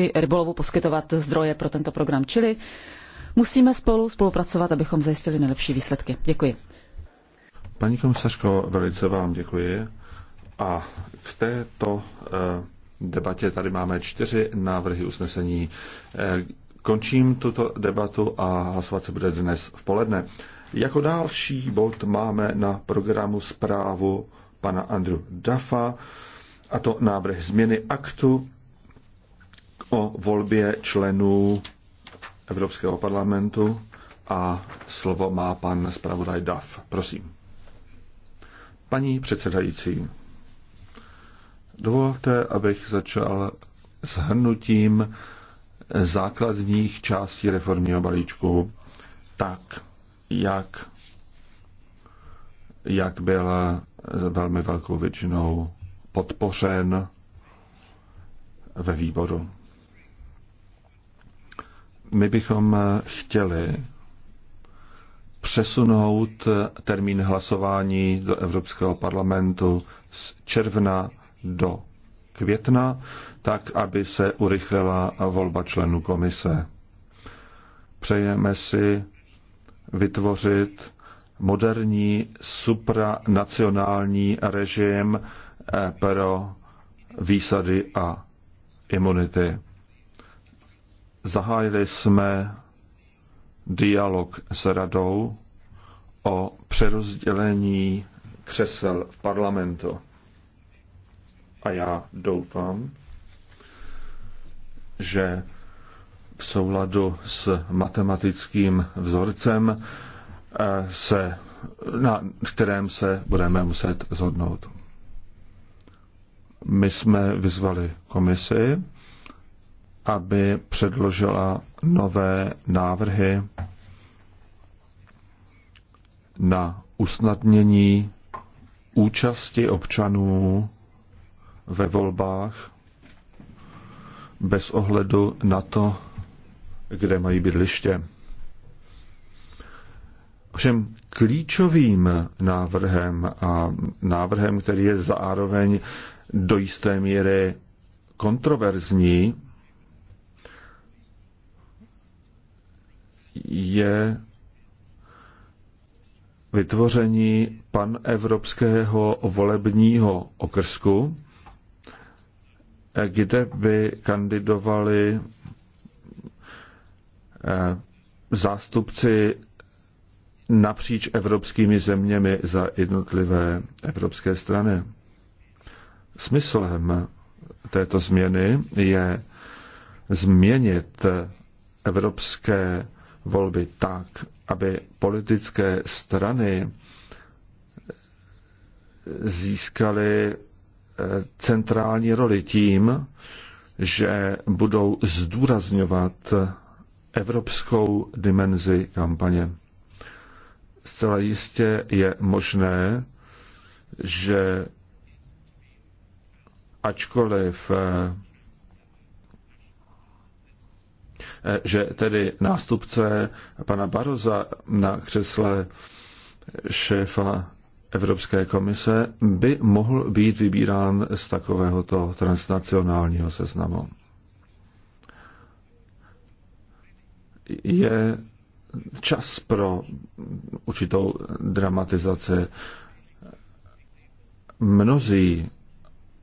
i rybolovu poskytovat zdroje pro tento program. Čili musíme spolu spolupracovat, abychom zajistili nejlepší výsledky. Děkuji. Paní komisařko, velice vám děkuji. A k této eh, debatě tady máme čtyři návrhy usnesení. Eh, končím tuto debatu a hlasovat se bude dnes v poledne. Jako další bod máme na programu zprávu pana Andru Dafa, a to návrh změny aktu o volbě členů Evropského parlamentu a slovo má pan zpravodaj Duff. Prosím. Paní předsedající, dovolte, abych začal s hrnutím základních částí reformního balíčku tak, jak, jak byl velmi velkou většinou podpořen ve výboru my bychom eh, chtěli přesunout eh, termín hlasování do Evropského parlamentu z června do května, tak aby se urychlila volba členů komise. Přejeme si vytvořit moderní supranacionální režim eh, pro výsady a imunity. Zahájili jsme dialog s radou o přerozdělení křesel v parlamentu. A já doufám, že v souladu s matematickým vzorcem, eh, se, na kterém se budeme muset zhodnout. My jsme vyzvali komisi, aby předložila nové návrhy na usnadnění účasti občanů ve volbách bez ohledu na to, kde mají bydliště. Všem klíčovým návrhem a návrhem, který je zároveň do jisté míry kontroverzní, je vytvoření panevropského volebního okrsku, kde by kandidovali eh, zástupci napříč evropskými zeměmi za jednotlivé evropské strany. Smyslem této změny je změnit evropské volby tak, aby politické strany získaly eh, centrální roli tím, že budou zdůrazňovat evropskou dimenzi kampaně. Zcela jistě je možné, že ačkoliv eh, že tedy nástupce pana Baroza na křesle šéfa Evropské komise by mohl být vybírán z takovéhoto transnacionálního seznamu. Je čas pro určitou dramatizaci. Mnozí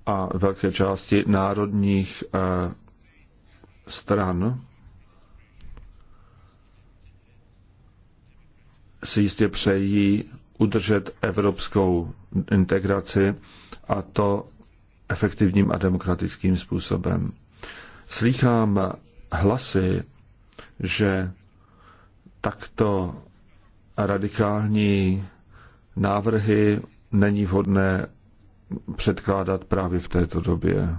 a velké části národních eh, stran si jistě přejí udržet evropskou integraci a to efektivním a demokratickým způsobem. Slychám hlasy, že takto radikální návrhy není vhodné předkládat právě v této době.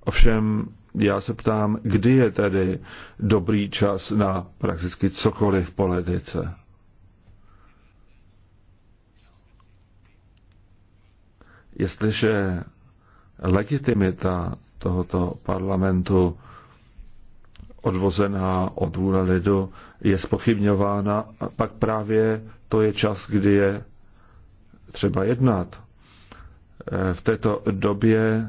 Ovšem, já se ptám, kdy je tedy dobrý čas na prakticky cokoliv v politice. Jestliže legitimita tohoto parlamentu odvozená od vůle lidu je spochybňována, pak právě to je čas, kdy je třeba jednat. V této době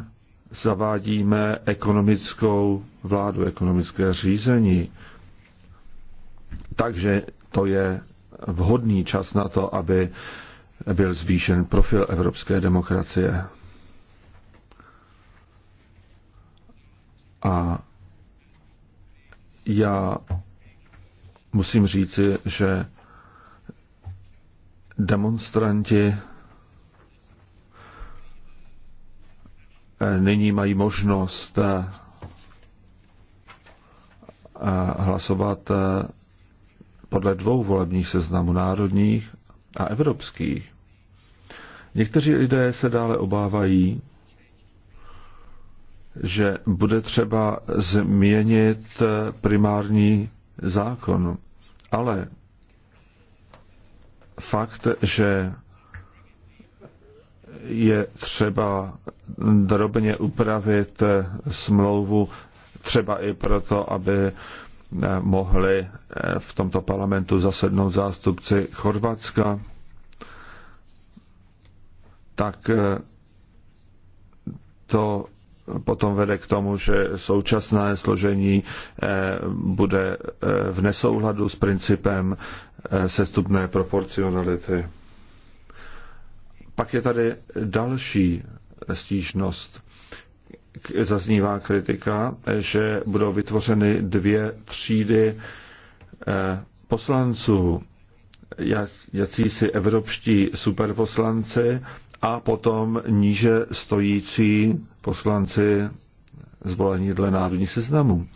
zavádíme ekonomickou vládu, ekonomické řízení. Takže to je vhodný čas na to, aby byl zvýšen profil evropské demokracie. A já musím říci, že demonstranti nyní mají možnost eh, hlasovat eh, podle dvou volebních seznamů národních a evropských. Někteří lidé se dále obávají, že bude třeba změnit primární zákon. Ale fakt, že je třeba drobně upravit smlouvu, třeba i proto, aby mohli v tomto parlamentu zasednout zástupci Chorvatska, tak eh, to potom vede k tomu, že současné složení eh, bude eh, v nesouhladu s principem sestupné proporcionality. Pak je tady další stížnost. Zaznívá kritika, že budou vytvořeny dvě třídy poslanců, jací si evropští superposlanci a potom níže stojící poslanci zvolení dle národní seznamu.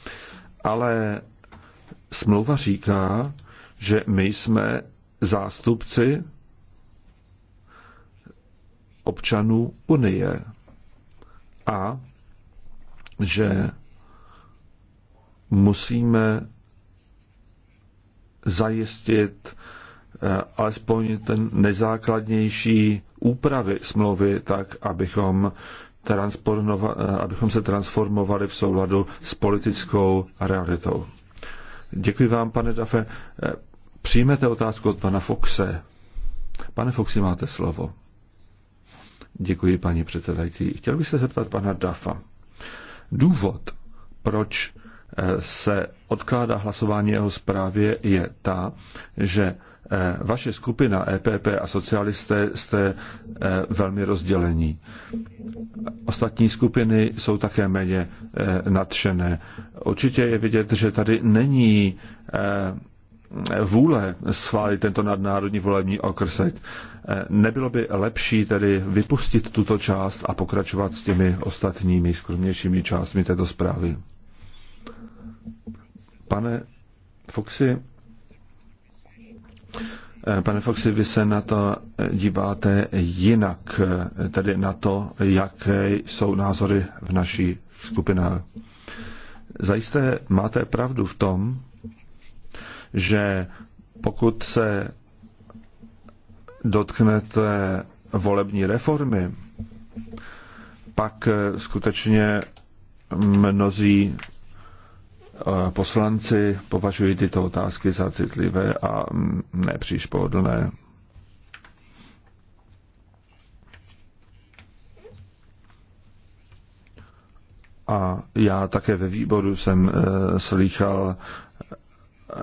Ale smlouva říká, že my jsme zástupci občanů Unie a že musíme zajistit Eh, alespoň ten nejzákladnější úpravy smlouvy tak, abychom, eh, abychom se transformovali v souladu s politickou realitou. Děkuji vám, pane Dafe. Eh, přijmete otázku od pana Foxe. Pane Foxe, máte slovo. Děkuji, paní předsedající. Chtěl bych se zeptat pana Dafa. Důvod, proč se odkládá hlasování jeho zprávě, je ta, že Eh, vaše skupina EPP a socialisté jste eh, velmi rozdělení. Ostatní skupiny jsou také méně eh, nadšené. Určitě je vidět, že tady není vůle schválit tento nadnárodní volební okrsek. Nebylo by lepší tedy vypustit tuto část a pokračovat s těmi ostatními skromnějšími částmi této zprávy? Pane Foxy, Eh, pane Foxy, vy se na to eh, díváte jinak, eh, tedy na to, jaké jsou názory v naší skupinách. Zajisté máte pravdu v tom, že pokud se dotknete volební reformy, pak skutečně mnozí poslanci považují tyto otázky za citlivé a nepříliš pohodlné. A já také ve výboru jsem e, eh, slychal eh,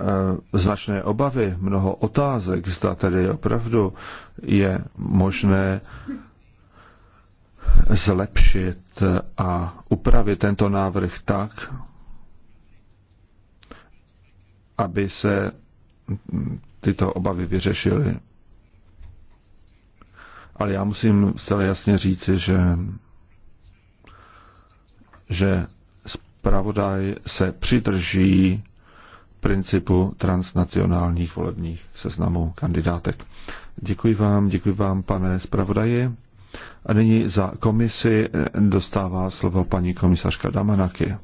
značné obavy, mnoho otázek, zda tedy opravdu je možné zlepšit a upravit tento návrh tak, aby se tyto obavy vyřešily. Ale já musím zcela jasně říci, že, že zpravodaj se přidrží principu transnacionálních volebních seznamů kandidátek. Děkuji vám, děkuji vám, pane zpravodaji. A nyní za komisi dostává slovo paní komisařka Damanaky.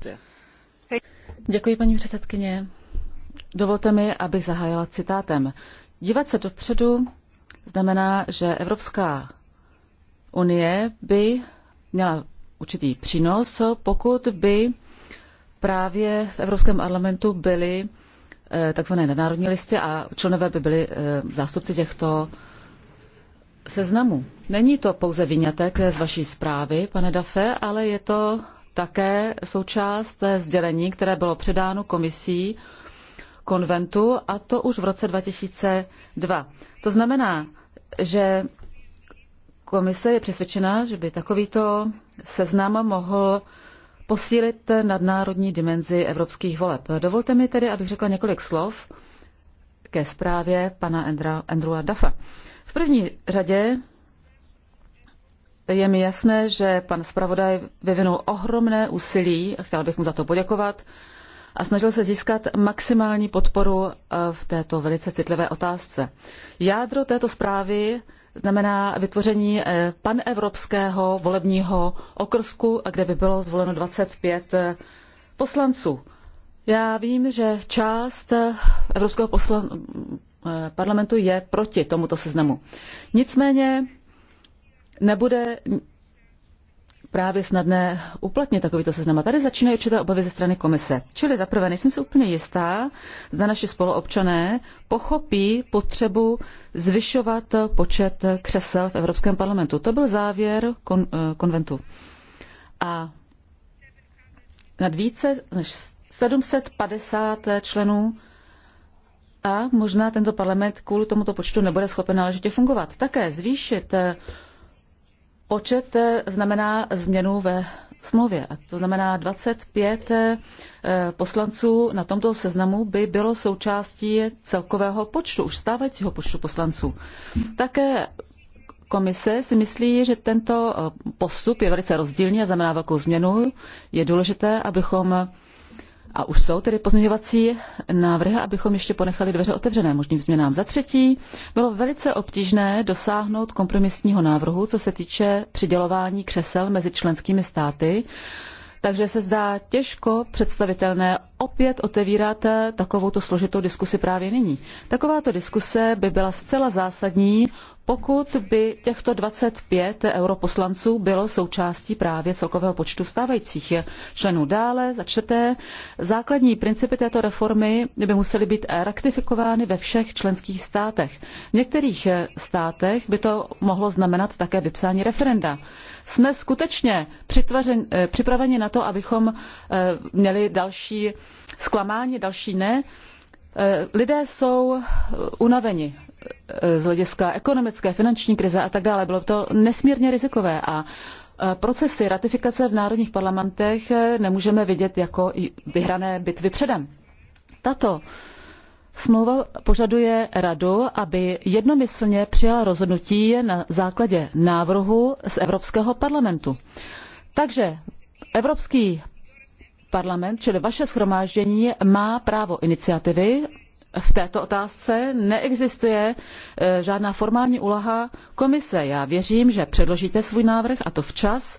Děkuji, paní předsedkyně. Dovolte mi, abych zahájila citátem. Dívat se dopředu znamená, že Evropská unie by měla určitý přínos, pokud by právě v Evropském parlamentu byly eh, takzvané nadnárodní listy a členové by byli eh, zástupci těchto seznamů. Není to pouze vyňatek z vaší zprávy, pane Dafe, ale je to také součást sdělení, které bylo předáno komisí konventu a to už v roce 2002. To znamená, že komise je přesvědčena, že by takovýto seznam mohl posílit nadnárodní dimenzi evropských voleb. Dovolte mi tedy, abych řekla několik slov ke zprávě pana Andrewa Dafa. V první řadě je mi jasné, že pan zpravodaj vyvinul ohromné úsilí, a chtěla bych mu za to poděkovat, a snažil se získat maximální podporu eh, v této velice citlivé otázce. Jádro této zprávy znamená vytvoření eh, panevropského volebního okrsku, kde by bylo zvoleno 25 eh, poslanců. Já vím, že část Evropského poslan... parlamentu je proti tomuto seznamu. Nicméně nebude právě snadné uplatnit takovýto seznam. A tady začínají určité obavy ze strany komise. Čili zaprvé nejsem si úplně jistá, zda naši spoluobčané pochopí potřebu zvyšovat počet křesel v Evropském parlamentu. To byl závěr kon, eh, konventu. A nad více než 750 členů a možná tento parlament kvůli tomuto počtu nebude schopen náležitě fungovat. Také zvýšit počet eh, znamená změnu ve smlouvě. A to znamená 25 eh, poslanců na tomto seznamu by bylo součástí celkového počtu, už stávajícího počtu poslanců. Také komise si myslí, že tento eh, postup je velice rozdílný a znamená velkou změnu. Je důležité, abychom a už jsou tedy pozměňovací návrhy, abychom ještě ponechali dveře otevřené možným změnám. Za třetí, bylo velice obtížné dosáhnout kompromisního návrhu, co se týče přidělování křesel mezi členskými státy, takže se zdá těžko představitelné opět otevírat takovouto složitou diskusi právě nyní. Takováto diskuse by byla zcela zásadní pokud by těchto 25 europoslanců bylo součástí právě celkového počtu stávajících členů. Dále, za čtvrté, základní principy této reformy by musely být ratifikovány ve všech členských státech. V některých státech by to mohlo znamenat také vypsání referenda. Jsme skutečně eh, připraveni na to, abychom eh, měli další zklamání, další ne. Eh, lidé jsou unaveni z hlediska ekonomické, finanční krize a tak dále. Bylo to nesmírně rizikové a e, procesy ratifikace v národních parlamentech e, nemůžeme vidět jako vyhrané bitvy předem. Tato Smlouva požaduje radu, aby jednomyslně přijala rozhodnutí na základě návrhu z Evropského parlamentu. Takže Evropský parlament, čili vaše schromáždění, má právo iniciativy v této otázce neexistuje e, žádná formální úloha komise. Já věřím, že předložíte svůj návrh a to včas,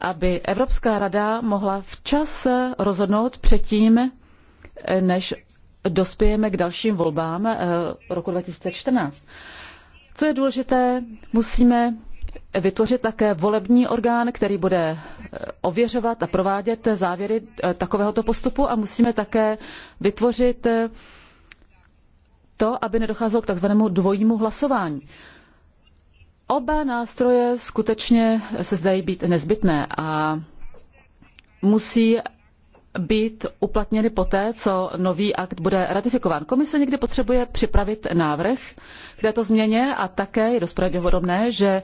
aby Evropská rada mohla včas rozhodnout předtím, e, než dospějeme k dalším volbám e, roku 2014. Co je důležité, musíme vytvořit také volební orgán, který bude ověřovat a provádět závěry takovéhoto postupu a musíme také vytvořit to, aby nedocházelo k takzvanému dvojímu hlasování. Oba nástroje skutečně se zdají být nezbytné a musí být uplatněny poté, co nový akt bude ratifikován. Komise někdy potřebuje připravit návrh k této změně a také je dost pravděpodobné, že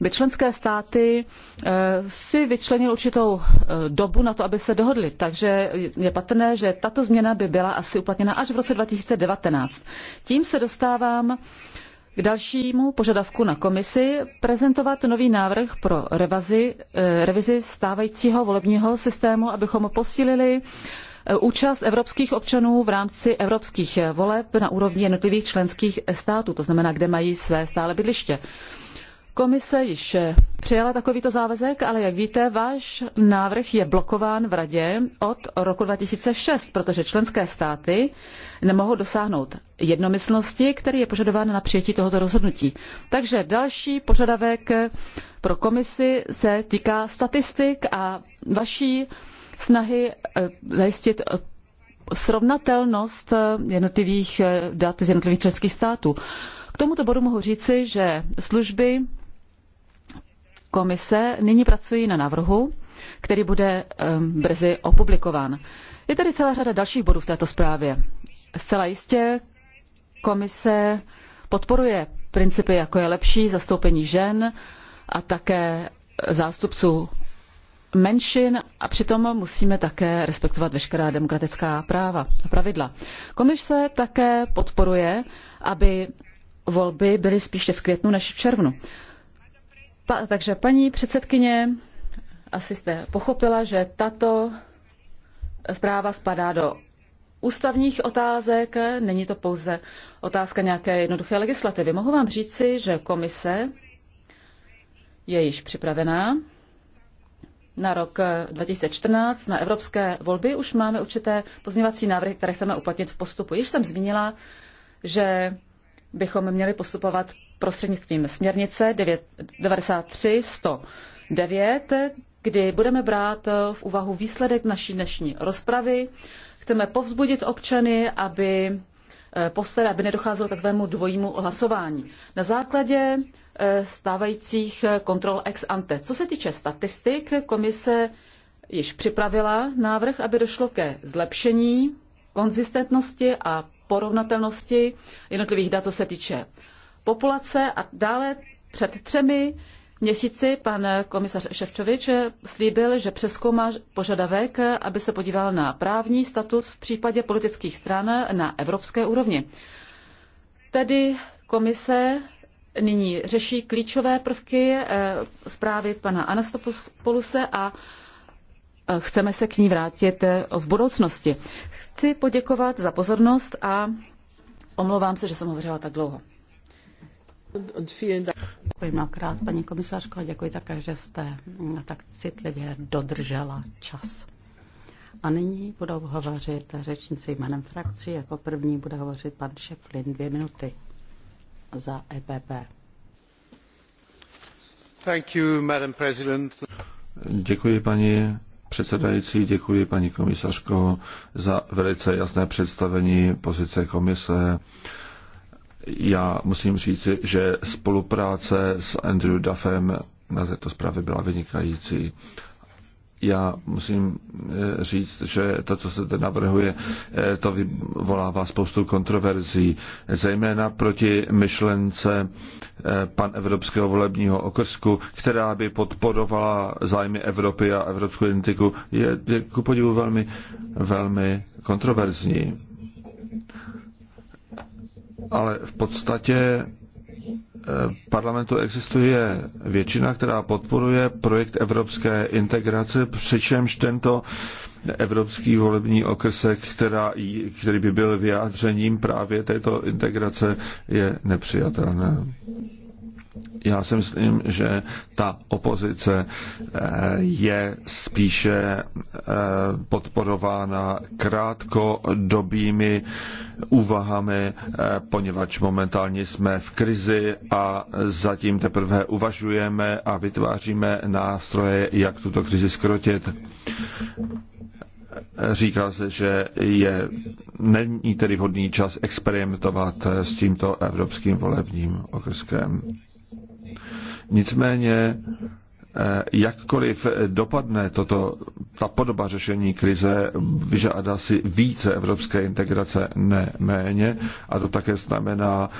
by členské státy eh, si vyčlenil určitou eh, dobu na to, aby se dohodly. Takže je patrné, že tato změna by byla asi uplatněna až v roce 2019. Tím se dostávám k dalšímu požadavku na komisi prezentovat nový návrh pro revazi, eh, revizi stávajícího volebního systému, abychom posílili účast evropských občanů v rámci evropských voleb na úrovni jednotlivých členských států, to znamená, kde mají své stále bydliště. Komise již přijala takovýto závazek, ale jak víte, váš návrh je blokován v Radě od roku 2006, protože členské státy nemohou dosáhnout jednomyslnosti, který je požadován na přijetí tohoto rozhodnutí. Takže další požadavek pro komisi se týká statistik a vaší snahy eh, zajistit eh, srovnatelnost eh, jednotlivých dat z jednotlivých členských států. K tomuto bodu mohu říci, že služby komise nyní pracují na návrhu, který bude brzy opublikován. Je tady celá řada dalších bodů v této zprávě. Zcela jistě komise podporuje principy, jako je lepší zastoupení žen a také zástupců menšin a přitom musíme také respektovat veškerá demokratická práva a pravidla. Komise také podporuje, aby volby byly spíše v květnu než v červnu. Pa, takže paní předsedkyně, asi jste pochopila, že tato zpráva spadá do ústavních otázek, není to pouze otázka nějaké jednoduché legislativy. Mohu vám říci, že komise je již připravená na rok 2014, na evropské volby. Už máme určité pozměvací návrhy, které chceme uplatnit v postupu. Již jsem zmínila, že bychom měli postupovat prostřednictvím směrnice 93-109, kdy budeme brát eh, v úvahu výsledek naší dnešní rozpravy. Chceme povzbudit občany, aby eh, postel, aby nedocházelo takovému dvojímu hlasování. Na základě eh, stávajících kontrol ex ante. Co se týče statistik, komise již připravila návrh, aby došlo ke zlepšení konzistentnosti a porovnatelnosti jednotlivých dat, co se týče populace. A dále před třemi měsíci pan komisař Ševčovič slíbil, že přeskoumá požadavek, aby se podíval na právní status v případě politických stran na evropské úrovni. Tedy komise nyní řeší klíčové prvky eh, zprávy pana Anastopoluse a chceme se k ní vrátit eh, v budoucnosti. Chci poděkovat za pozornost a omlouvám se, že jsem hovořila tak dlouho. Děkuji mnohokrát, paní komisářko, a děkuji také, že jste tak citlivě dodržela čas. A nyní budou hovořit řečníci jménem frakcí. Jako první bude hovořit pan Šeflin dvě minuty za EPP. Thank you, Madam President. Děkuji, paní předsedající, děkuji paní komisařko za velice jasné představení pozice komise. Já musím říci, že spolupráce s Andrew Duffem na této zprávě byla vynikající já musím eh, říct, že to, co se teď navrhuje, eh, to vyvolává spoustu kontroverzí, zejména proti myšlence eh, pan Evropského volebního okrsku, která by podporovala zájmy Evropy a evropskou identiku, je, je ku podivu velmi, velmi kontroverzní. Ale v podstatě Eh, parlamentu existuje většina, která podporuje projekt evropské integrace, přičemž tento evropský volební okrsek, která, který by byl vyjádřením právě této integrace, je nepřijatelné já si myslím, že ta opozice eh, je spíše eh, podporována krátkodobými úvahami, eh, poněvadž momentálně jsme v krizi a zatím teprve uvažujeme a vytváříme nástroje, jak tuto krizi skrotit říká se, že je, není tedy vhodný čas experimentovat s tímto evropským volebním okrskem. Nicméně eh, jakkoliv dopadne toto, ta podoba řešení krize, vyžádá si více evropské integrace, ne méně. A to také znamená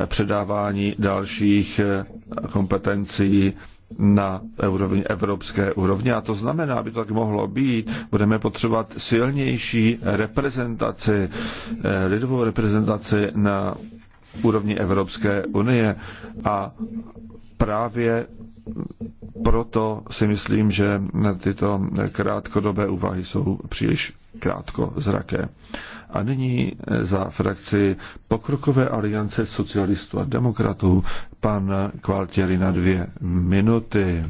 eh, předávání dalších eh, kompetencí na úrovni, evropské úrovně. A to znamená, aby to tak mohlo být, budeme potřebovat silnější reprezentaci, lidovou reprezentaci na úrovni Evropské unie a právě proto si myslím, že tyto krátkodobé úvahy jsou příliš krátko zraké. A nyní za frakci Pokrokové aliance socialistů a demokratů pan Kvaltěry na dvě minuty.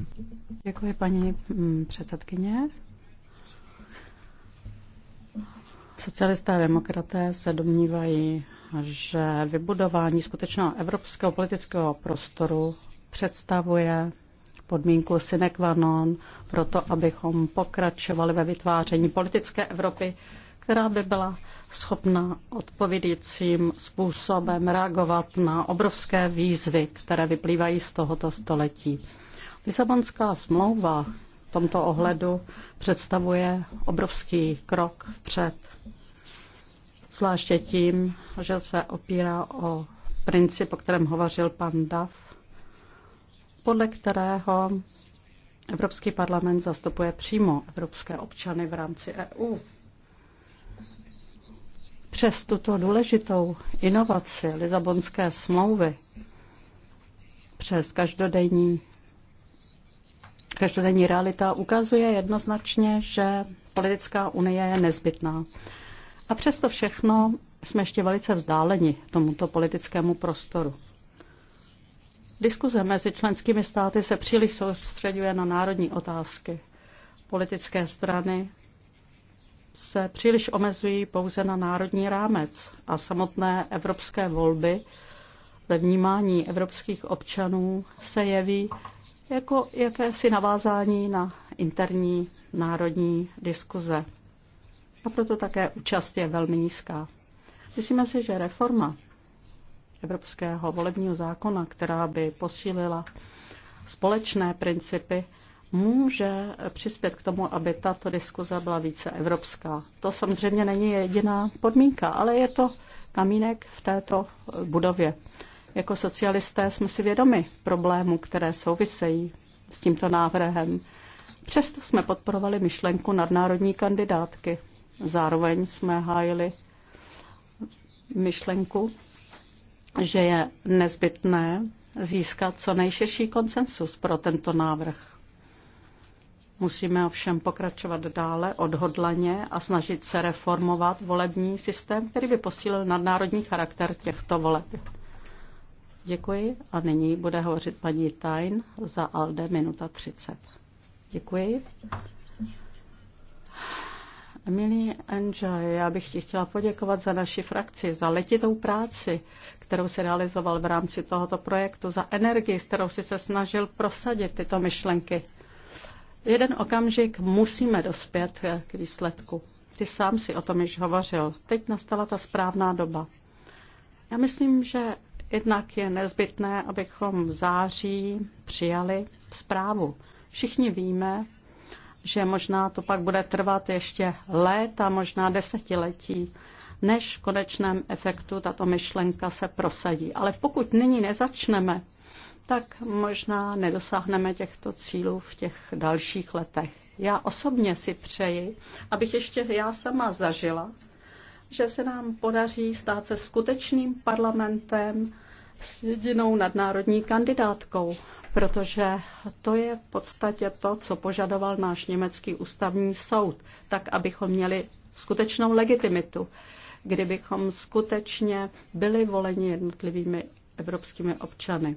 Děkuji, paní mm, předsedkyně. Socialisté a demokraté se domnívají, že vybudování skutečného evropského politického prostoru představuje podmínku sine qua non pro to, abychom pokračovali ve vytváření politické Evropy, která by byla schopna odpovědícím způsobem reagovat na obrovské výzvy, které vyplývají z tohoto století. Lisabonská smlouva v tomto ohledu představuje obrovský krok vpřed, zvláště tím, že se opírá o princip, o kterém hovořil pan Dav, podle kterého Evropský parlament zastupuje přímo evropské občany v rámci EU. Přes tuto důležitou inovaci Lizabonské smlouvy, přes každodenní, každodenní realita ukazuje jednoznačně, že politická unie je nezbytná. A přesto všechno jsme ještě velice vzdáleni tomuto politickému prostoru. Diskuze mezi členskými státy se příliš soustředuje na národní otázky. Politické strany se příliš omezují pouze na národní rámec a samotné evropské volby ve vnímání evropských občanů se jeví jako jakési navázání na interní národní diskuze. A proto také účast je velmi nízká. Myslíme si, že reforma evropského volebního zákona, která by posílila společné principy, může přispět k tomu, aby tato diskuze byla více evropská. To samozřejmě není jediná podmínka, ale je to kamínek v této budově. Jako socialisté jsme si vědomi problémů, které souvisejí s tímto návrhem. Přesto jsme podporovali myšlenku nadnárodní kandidátky. Zároveň jsme hájili myšlenku že je nezbytné získat co nejširší konsensus pro tento návrh. Musíme ovšem pokračovat dále odhodlaně a snažit se reformovat volební systém, který by posílil nadnárodní charakter těchto voleb. Děkuji a nyní bude hovořit paní Tajn za ALDE minuta 30. Děkuji. Milí Enjoy, já bych ti chtěla poděkovat za naši frakci, za letitou práci kterou si realizoval v rámci tohoto projektu, za energii, s kterou si se snažil prosadit tyto myšlenky. Jeden okamžik musíme dospět k výsledku. Ty sám si o tom již hovořil. Teď nastala ta správná doba. Já myslím, že jednak je nezbytné, abychom v září přijali zprávu. Všichni víme, že možná to pak bude trvat ještě léta, možná desetiletí, než v konečném efektu tato myšlenka se prosadí. Ale pokud nyní nezačneme, tak možná nedosáhneme těchto cílů v těch dalších letech. Já osobně si přeji, abych ještě já sama zažila, že se nám podaří stát se skutečným parlamentem s jedinou nadnárodní kandidátkou, protože to je v podstatě to, co požadoval náš německý ústavní soud, tak abychom měli skutečnou legitimitu kdybychom skutečně byli voleni jednotlivými evropskými občany.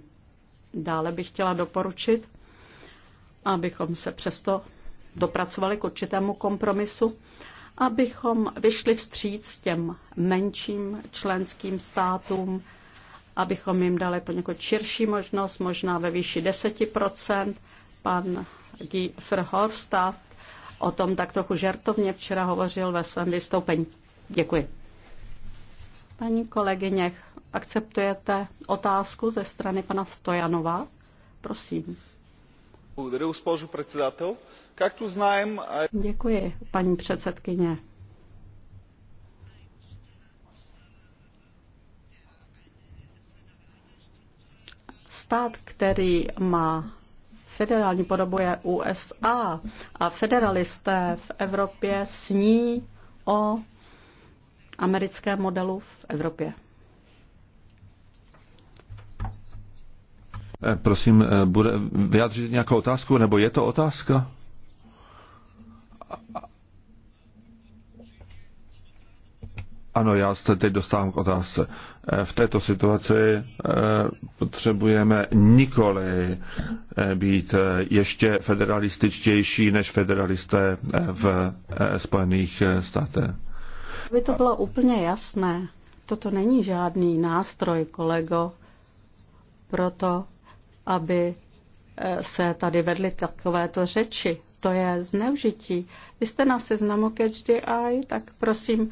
Dále bych chtěla doporučit, abychom se přesto dopracovali k určitému kompromisu, abychom vyšli vstříc těm menším členským státům, abychom jim dali poněkud širší možnost, možná ve výši 10%. Pan Guy Verhofstadt o tom tak trochu žertovně včera hovořil ve svém vystoupení. Děkuji. Paní kolegyně, akceptujete otázku ze strany pana Stojanova? Prosím. Děkuji, paní předsedkyně. Stát, který má federální podobu, je USA a federalisté v Evropě sní o americkém modelu v Evropě. Eh, prosím, eh, bude vyjádřit nějakou otázku, nebo je to otázka? Ano, já se teď dostávám k otázce. Eh, v této situaci potřebujeme nikoli být ještě federalističtější než federalisté v Spojených státech. Aby to bylo úplně jasné, toto není žádný nástroj, kolego, proto, aby eh, se tady vedly takovéto řeči. To je zneužití. Vy jste na seznamu CatchDI, tak prosím,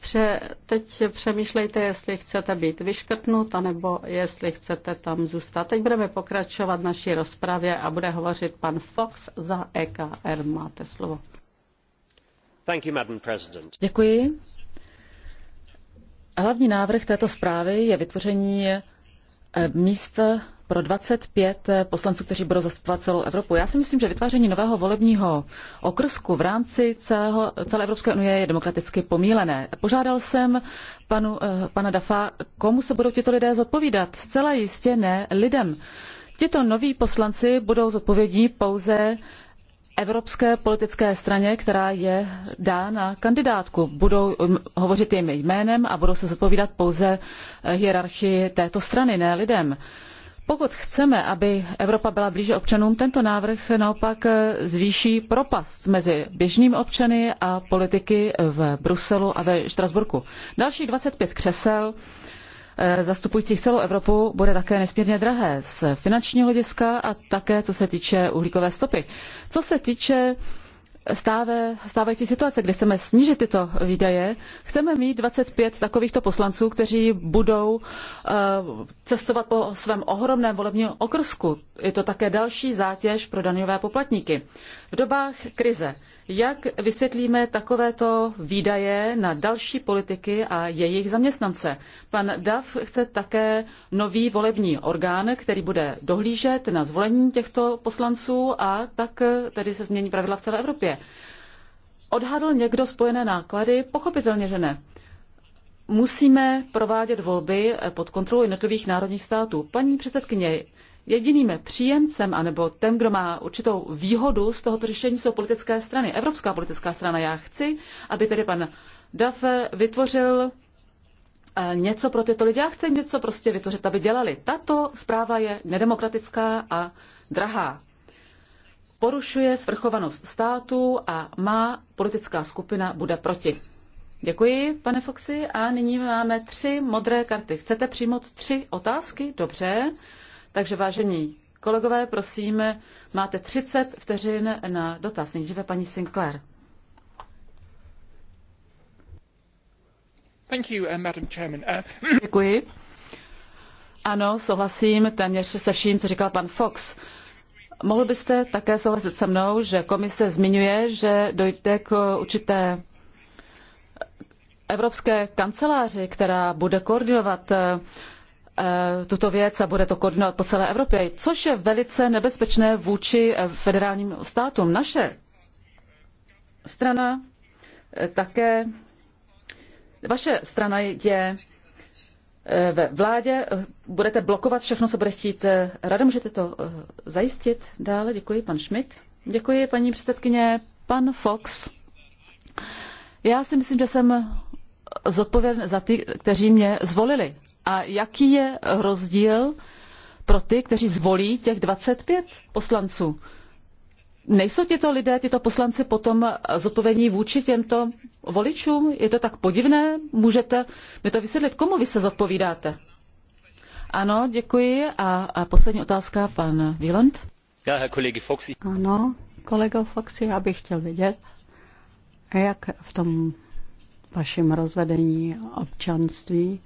pře, teď přemýšlejte, jestli chcete být vyškrtnut, anebo jestli chcete tam zůstat. Teď budeme pokračovat naší rozpravě a bude hovořit pan Fox za EKR. Máte slovo. Děkuji. Hlavní návrh této zprávy je vytvoření eh, míst pro 25 poslanců, kteří budou zastupovat celou Evropu. Já si myslím, že vytváření nového volebního okrsku v rámci celého, celé Evropské unie je demokraticky pomílené. Požádal jsem panu, eh, pana Dafa, komu se budou tito lidé zodpovídat. Zcela jistě ne lidem. Tito noví poslanci budou zodpovědní pouze evropské politické straně, která je dána kandidátku. Budou um, hovořit jejím jménem a budou se zodpovídat pouze eh, hierarchii této strany, ne lidem. Pokud chceme, aby Evropa byla blíže občanům, tento návrh naopak eh, zvýší propast mezi běžnými občany a politiky v Bruselu a ve Štrasburku. Další 25 křesel Eh, zastupujících celou Evropu bude také nesmírně drahé z finančního hlediska a také co se týče uhlíkové stopy. Co se týče stáve, stávající situace, kde chceme snížit tyto výdaje, chceme mít 25 takovýchto poslanců, kteří budou uh, cestovat po svém ohromném volebním okrsku. Je to také další zátěž pro daňové poplatníky. V dobách krize jak vysvětlíme takovéto výdaje na další politiky a jejich zaměstnance? Pan Dav chce také nový volební orgán, který bude dohlížet na zvolení těchto poslanců a tak tedy se změní pravidla v celé Evropě. Odhadl někdo spojené náklady? Pochopitelně, že ne. Musíme provádět volby pod kontrolou jednotlivých národních států. Paní předsedkyně, jediným příjemcem anebo ten, kdo má určitou výhodu z tohoto řešení, jsou politické strany. Evropská politická strana. Já chci, aby tedy pan Duff vytvořil eh, něco pro tyto lidi. Já chci něco prostě vytvořit, aby dělali. Tato zpráva je nedemokratická a drahá. Porušuje svrchovanost státu a má politická skupina bude proti. Děkuji, pane Foxy. A nyní máme tři modré karty. Chcete přijmout tři otázky? Dobře. Takže vážení kolegové, prosím, máte 30 vteřin na dotaz. Nejdříve paní Sinclair. Thank you, uh, Madam Chairman. Uh... Děkuji. Ano, souhlasím téměř se vším, co říkal pan Fox. Mohl byste také souhlasit se mnou, že komise zmiňuje, že dojde k určité evropské kanceláři, která bude koordinovat Eh, tuto věc a bude to koordinovat po celé Evropě, což je velice nebezpečné vůči eh, federálním státům. Naše strana eh, také, vaše strana je ve vládě, budete blokovat všechno, co bude chtít rada, můžete to zajistit dále. Děkuji, pan Schmidt. Děkuji, paní předsedkyně. Pan Fox. Já si myslím, že jsem zodpovědný za ty, kteří mě zvolili. A jaký je rozdíl pro ty, kteří zvolí těch 25 poslanců? Nejsou tyto lidé, tyto poslanci potom zodpovědní vůči těmto voličům? Je to tak podivné? Můžete mi to vysvětlit? Komu vy se zodpovídáte? Ano, děkuji. A, a poslední otázka, pan Wieland. Já, Herr Kollege Foxy. Ano, kolego Foxy, já bych chtěl vědět, jak v tom vašem rozvedení občanství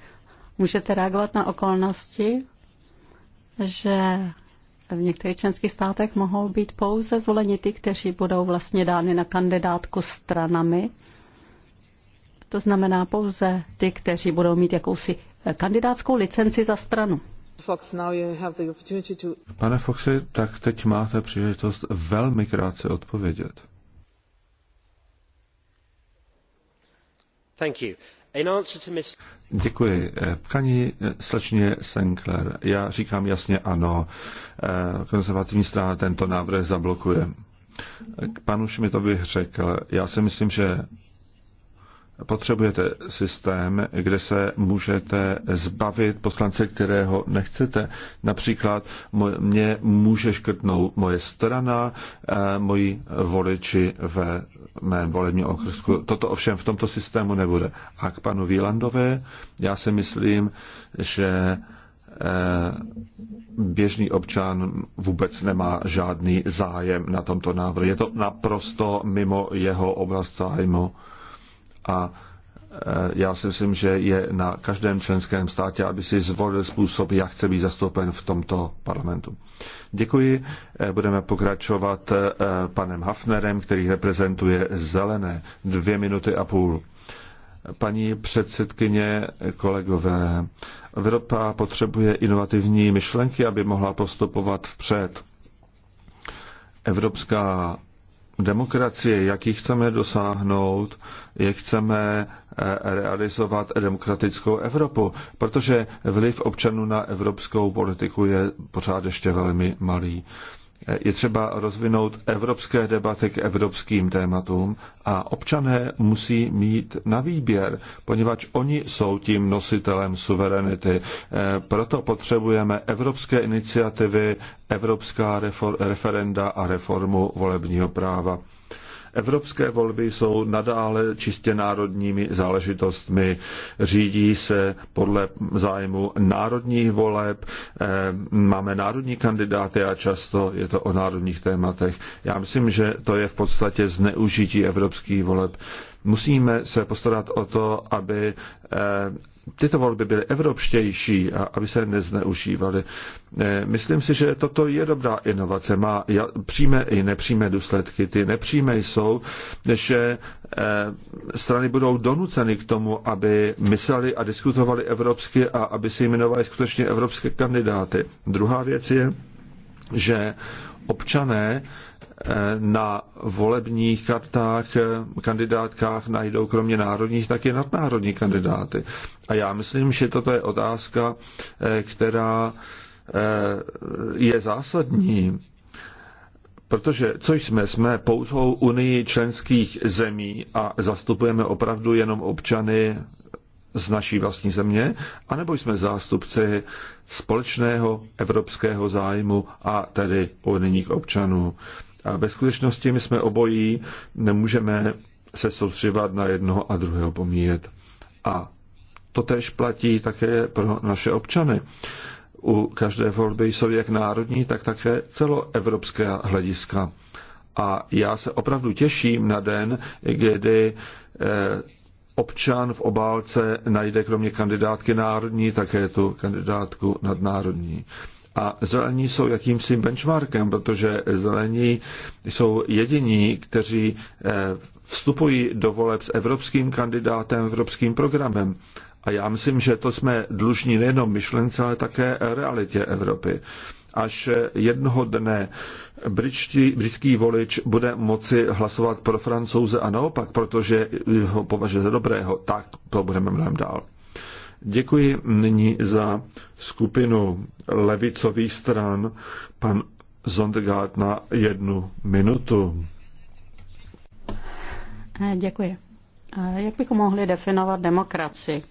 Můžete reagovat na okolnosti, že v některých členských státech mohou být pouze zvoleni ty, kteří budou vlastně dány na kandidátku stranami. To znamená pouze ty, kteří budou mít jakousi kandidátskou licenci za stranu. Pane Foxy, tak teď máte příležitost velmi krátce odpovědět. Thank you. Děkuji. Eh, Paní eh, slečně Senkler. já říkám jasně ano, eh, konzervativní strana tento návrh zablokuje. K panu Šmitovi řekl, já si myslím, že potřebujete systém, kde se můžete zbavit poslance, kterého nechcete. Například mě může škrtnout moje strana, eh, moji voliči ve mém volebním okrsku. Toto ovšem v tomto systému nebude. A k panu Výlandové, já si myslím, že eh, běžný občan vůbec nemá žádný zájem na tomto návrhu. Je to naprosto mimo jeho oblast zájmu a e, já si myslím, že je na každém členském státě, aby si zvolil způsob, jak chce být zastoupen v tomto parlamentu. Děkuji. E, budeme pokračovat e, panem Hafnerem, který reprezentuje zelené dvě minuty a půl. Paní předsedkyně, kolegové, Evropa potřebuje inovativní myšlenky, aby mohla postupovat vpřed. Evropská demokracie, jak ji chceme dosáhnout, jak chceme eh, realizovat demokratickou Evropu, protože vliv občanů na evropskou politiku je pořád ještě velmi malý je třeba rozvinout evropské debaty k evropským tématům a občané musí mít na výběr, poněvadž oni jsou tím nositelem suverenity. Eh, proto potřebujeme evropské iniciativy, evropská referenda a reformu volebního práva. Evropské volby jsou nadále čistě národními záležitostmi. Řídí se podle zájmu národních voleb. Eh, máme národní kandidáty a často je to o národních tématech. Já myslím, že to je v podstatě zneužití evropských voleb. Musíme se postarat o to, aby eh, tyto volby byly evropštější a aby se nezneužívaly. Eh, myslím si, že toto je dobrá inovace. Má přímé i nepřímé důsledky. Ty nepřímé jsou, že eh, strany budou donuceny k tomu, aby mysleli a diskutovali evropsky a aby si jmenovali skutečně evropské kandidáty. Druhá věc je, že občané na volebních kartách, kandidátkách najdou kromě národních také nadnárodní kandidáty. A já myslím, že toto je otázka, eh, která eh, je zásadní, protože co jsme? Jsme pouzou unii členských zemí a zastupujeme opravdu jenom občany z naší vlastní země, anebo jsme zástupci společného evropského zájmu a tedy unijních občanů. A ve skutečnosti my jsme obojí, nemůžeme se soustředovat na jednoho a druhého pomíjet. A to tež platí také pro naše občany. U každé volby jsou jak národní, tak také celoevropské hlediska. A já se opravdu těším na den, kdy eh, občan v obálce najde kromě kandidátky národní také tu kandidátku nadnárodní. A zelení jsou jakýmsi benchmarkem, protože zelení jsou jediní, kteří eh, vstupují do voleb s evropským kandidátem, evropským programem. A já myslím, že to jsme dlužní nejenom myšlence, ale také realitě Evropy. Až jednoho dne britští, britský volič bude moci hlasovat pro francouze a naopak, protože ho považuje za dobrého, tak to budeme mnohem dál. Děkuji nyní za skupinu levicových stran pan Zondegard na jednu minutu. Děkuji. Jak bychom mohli definovat demokracii?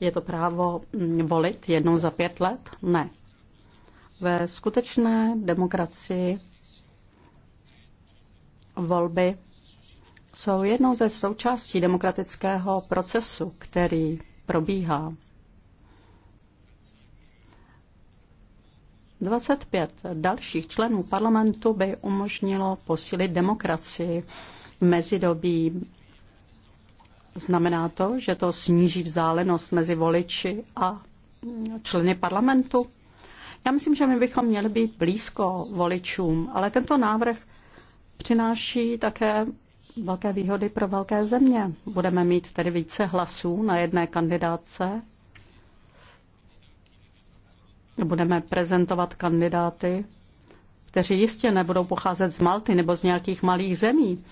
Je to právo volit jednou za pět let? Ne. Ve skutečné demokracii volby jsou jednou ze součástí demokratického procesu, který probíhá. 25 dalších členů parlamentu by umožnilo posílit demokracii v mezidobí. Znamená to, že to sníží vzdálenost mezi voliči a členy parlamentu? Já myslím, že my bychom měli být blízko voličům, ale tento návrh přináší také velké výhody pro velké země. Budeme mít tedy více hlasů na jedné kandidáce. Budeme prezentovat kandidáty, kteří jistě nebudou pocházet z Malty nebo z nějakých malých zemí.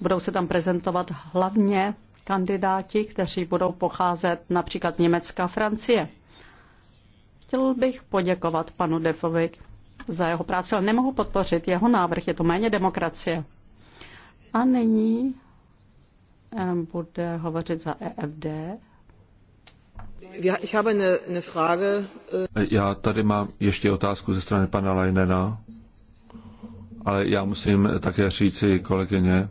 Budou se tam prezentovat hlavně kandidáti, kteří budou pocházet například z Německa a Francie. Chtěl bych poděkovat panu Defovi za jeho práci, ale nemohu podpořit jeho návrh, je to méně demokracie. A nyní bude hovořit za EFD. Äh, já tady mám ještě otázku ze strany pana Leinena, ale já musím také říci kolegyně,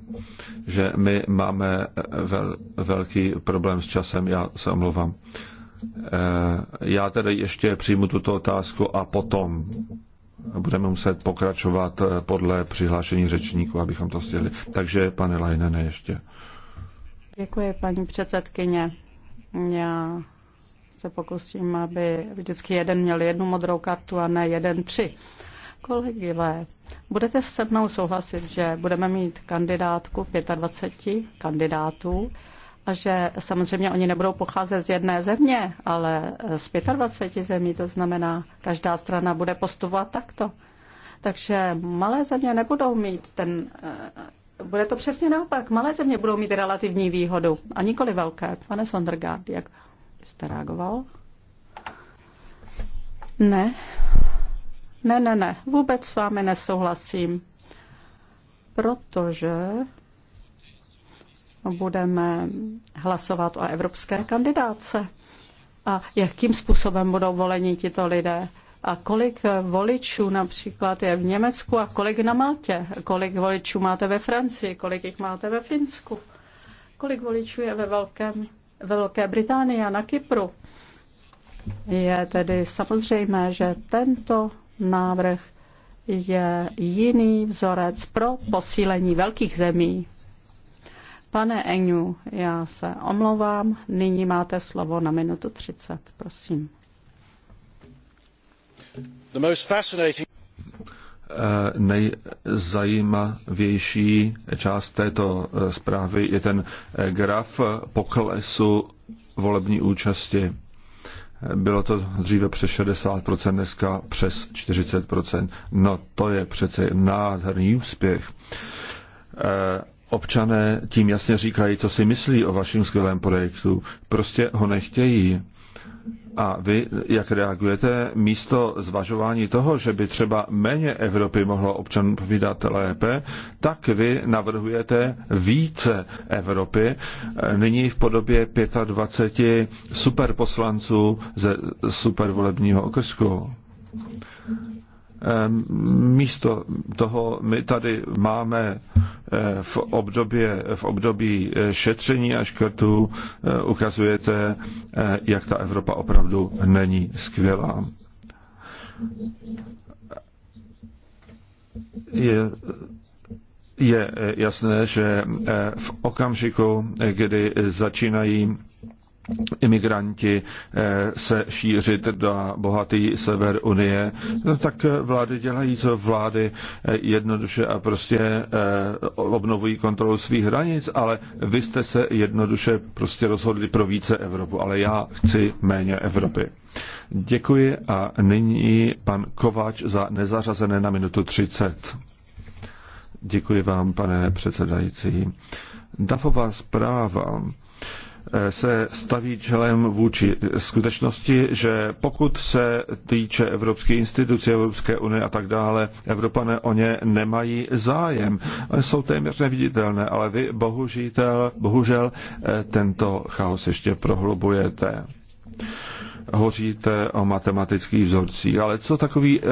že my máme vel, velký problém s časem, já se omlouvám. Eh, já tedy ještě přijmu tuto otázku a potom budeme muset pokračovat eh, podle přihlášení řečníků, abychom to stihli. Takže, pane Lajnene, ještě. Děkuji, paní předsedkyně. Já se pokusím, aby vždycky jeden měl jednu modrou kartu a ne jeden tři. Kolegové, budete se mnou souhlasit, že budeme mít kandidátku 25 kandidátů že samozřejmě oni nebudou pocházet z jedné země, ale z 25 zemí, to znamená, každá strana bude postupovat takto. Takže malé země nebudou mít ten. Eh, bude to přesně naopak. Malé země budou mít relativní výhodu a nikoli velké. Pane Sondergaard, jak jste reagoval? Ne. Ne, ne, ne. Vůbec s vámi nesouhlasím. Protože budeme hlasovat o evropské kandidáce a jakým způsobem budou voleni tito lidé a kolik voličů například je v Německu a kolik na Maltě, kolik voličů máte ve Francii, kolik jich máte ve Finsku, kolik voličů je ve, Velkém, ve Velké Británii a na Kypru. Je tedy samozřejmé, že tento návrh je jiný vzorec pro posílení velkých zemí Pane Eňu, já se omlouvám, nyní máte slovo na minutu 30, prosím. The most fascinating... Eh, nejzajímavější část této eh, zprávy je ten eh, graf poklesu volební účasti. Bylo to dříve přes 60%, dneska přes 40%. No to je přece nádherný úspěch občané tím jasně říkají, co si myslí o vašem skvělém projektu. Prostě ho nechtějí. A vy, jak reagujete, místo zvažování toho, že by třeba méně Evropy mohlo občanům povídat lépe, tak vy navrhujete více Evropy, eh, nyní v podobě 25 superposlanců ze supervolebního okrsku. Místo toho my tady máme eh, v, obdobě, v období eh, šetření a škrtů eh, ukazujete, jak ta Evropa opravdu není skvělá. Je je jasné, že v okamžiku, kdy začínají imigranti eh, se šířit do bohatý sever Unie, no tak eh, vlády dělají, co vlády eh, jednoduše a prostě obnovují kontrolu svých hranic, ale vy jste se jednoduše prostě rozhodli pro více Evropu, ale já chci méně Evropy. Děkuji a nyní pan Kováč za nezařazené na minutu 30. Děkuji vám, pane předsedající. Dafová zpráva Eh, se staví čelem vůči skutečnosti, že pokud se týče evropských institucí, Evropské unie a tak dále, Evropané o ně nemají zájem. Jsou téměř neviditelné, ale vy bohužel, bohužel eh, tento chaos ještě prohlubujete hoříte o matematických vzorcích, ale co takový eh,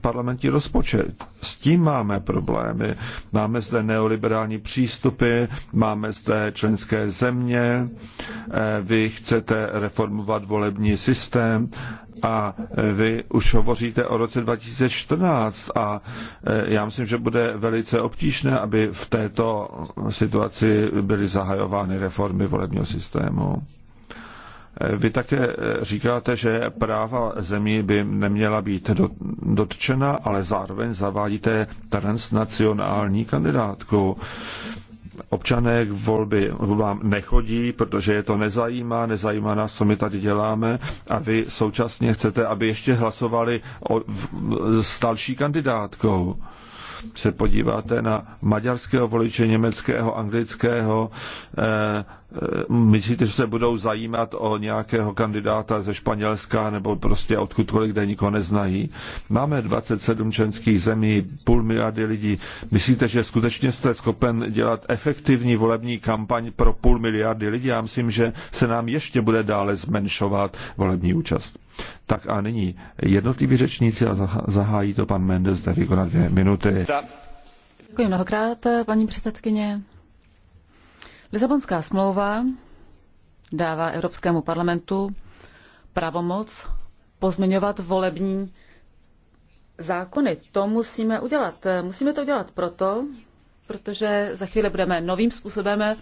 parlamentní rozpočet? S tím máme problémy. Máme zde neoliberální přístupy, máme zde členské země, eh, vy chcete reformovat volební systém a eh, vy už hovoříte o roce 2014 a já myslím, že bude velice obtížné, aby v této situaci byly zahajovány reformy volebního systému. Vy také eh, říkáte, že práva zemí by neměla být dotčena, ale zároveň zavádíte transnacionální kandidátku. Občané k volby, vám nechodí, protože je to nezajímá, nezajímá nás, co my tady děláme a vy současně chcete, aby ještě hlasovali o, s další kandidátkou se podíváte na maďarského voliče, německého, anglického, eh, eh, myslíte, že se budou zajímat o nějakého kandidáta ze Španělska nebo prostě odkudkoliv, kde nikoho neznají. Máme 27 členských zemí, půl miliardy lidí. Myslíte, že skutečně jste schopen dělat efektivní volební kampaň pro půl miliardy lidí? Já myslím, že se nám ještě bude dále zmenšovat volební účast. Tak a nyní jednotliví řečníci a zahájí to pan Mendes tady jako na dvě minuty. Děkuji mnohokrát, paní předsedkyně. Lisabonská smlouva dává Evropskému parlamentu pravomoc pozměňovat volební zákony. To musíme udělat. Musíme to udělat proto, protože za chvíli budeme novým způsobem eh,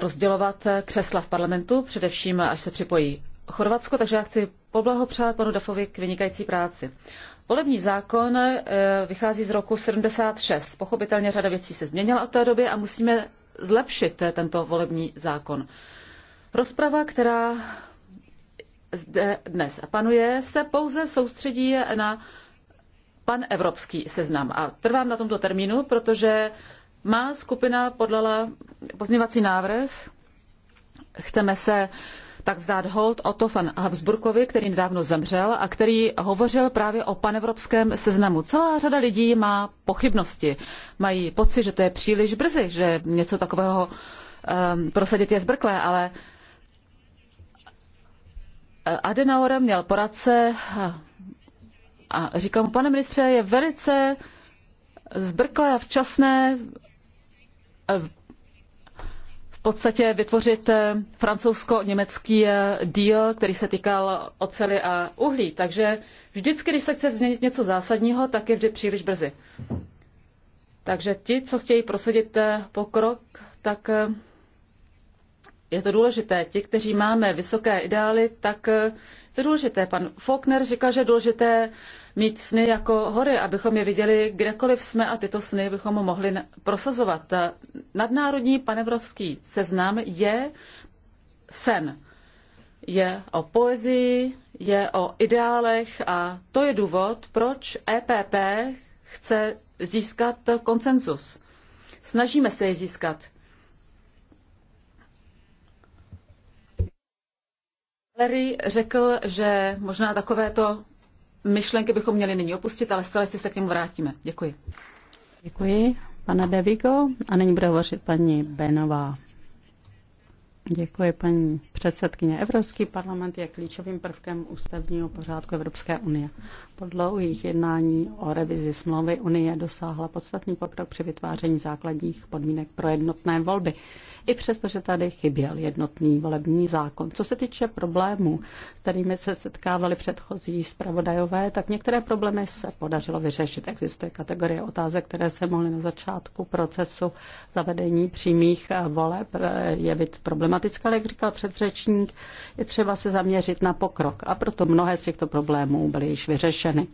rozdělovat eh, křesla v parlamentu, především až se připojí Chorvatsko, takže já chci poblahopřát panu Dafovi k vynikající práci. Volební zákon eh, vychází z roku 76. Pochopitelně řada věcí se změnila od té doby a musíme zlepšit eh, tento volební zákon. Rozprava, která zde dnes panuje, se pouze soustředí na pan Evropský seznam. A trvám na tomto termínu, protože má skupina podala pozměvací návrh. Chceme se uh, tak vzdát hold Otto van Habsburkovi, který nedávno zemřel a který hovořil právě o panevropském seznamu. Celá řada lidí má pochybnosti, mají pocit, že to je příliš brzy, že něco takového um, prosadit je zbrklé, ale eh, Adenauer měl poradce a říkal mu, pane ministře, je velice zbrklé a včasné eh, podstatě vytvořit eh, francouzsko-německý eh, díl, který se týkal ocely a uhlí. Takže vždycky, když se chce změnit něco zásadního, tak je vždy příliš brzy. Takže ti, co chtějí prosadit eh, pokrok, tak je to důležité. Ti, kteří máme vysoké ideály, tak to důležité. Pan Faulkner říká, že je důležité mít sny jako hory, abychom je viděli kdekoliv jsme a tyto sny bychom mohli prosazovat. Nadnárodní panevropský seznam je sen. Je o poezii, je o ideálech a to je důvod, proč EPP chce získat konsenzus. Snažíme se je získat. Larry řekl, že možná takovéto myšlenky bychom měli nyní opustit, ale stále si se k němu vrátíme. Děkuji. Děkuji, pane Devigo. A nyní bude hovořit paní Benová. Děkuji, paní předsedkyně. Evropský parlament je klíčovým prvkem ústavního pořádku Evropské unie. Po dlouhých jednání o revizi smlouvy Unie dosáhla podstatný pokrok při vytváření základních podmínek pro jednotné volby. I přesto, že tady chyběl jednotný volební zákon. Co se týče problémů, s kterými se setkávali předchozí zpravodajové, tak některé problémy se podařilo vyřešit. Existuje kategorie otázek, které se mohly na začátku procesu zavedení přímých voleb eh, jevit problematické problematické, ale jak říkal předřečník, je třeba se zaměřit na pokrok a proto mnohé z těchto problémů byly již vyřešeny.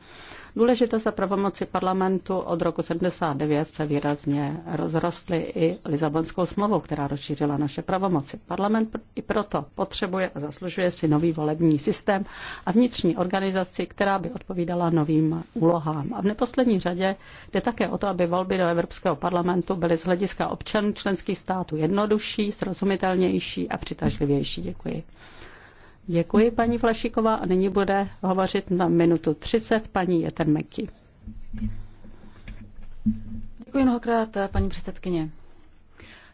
Důležitost a pravomoci parlamentu od roku 79 se výrazně rozrostly i Lizabonskou smlouvou, která rozšířila naše pravomoci. Parlament i proto potřebuje a zaslužuje si nový volební systém a vnitřní organizaci, která by odpovídala novým úlohám. A v neposlední řadě jde také o to, aby volby do Evropského parlamentu byly z hlediska občanů členských států jednodušší, srozumitelnější a přitažlivější. Děkuji. Děkuji, paní Flašiková. A nyní bude hovořit na minutu 30 paní Jetermeky. Děkuji mnohokrát, paní předsedkyně.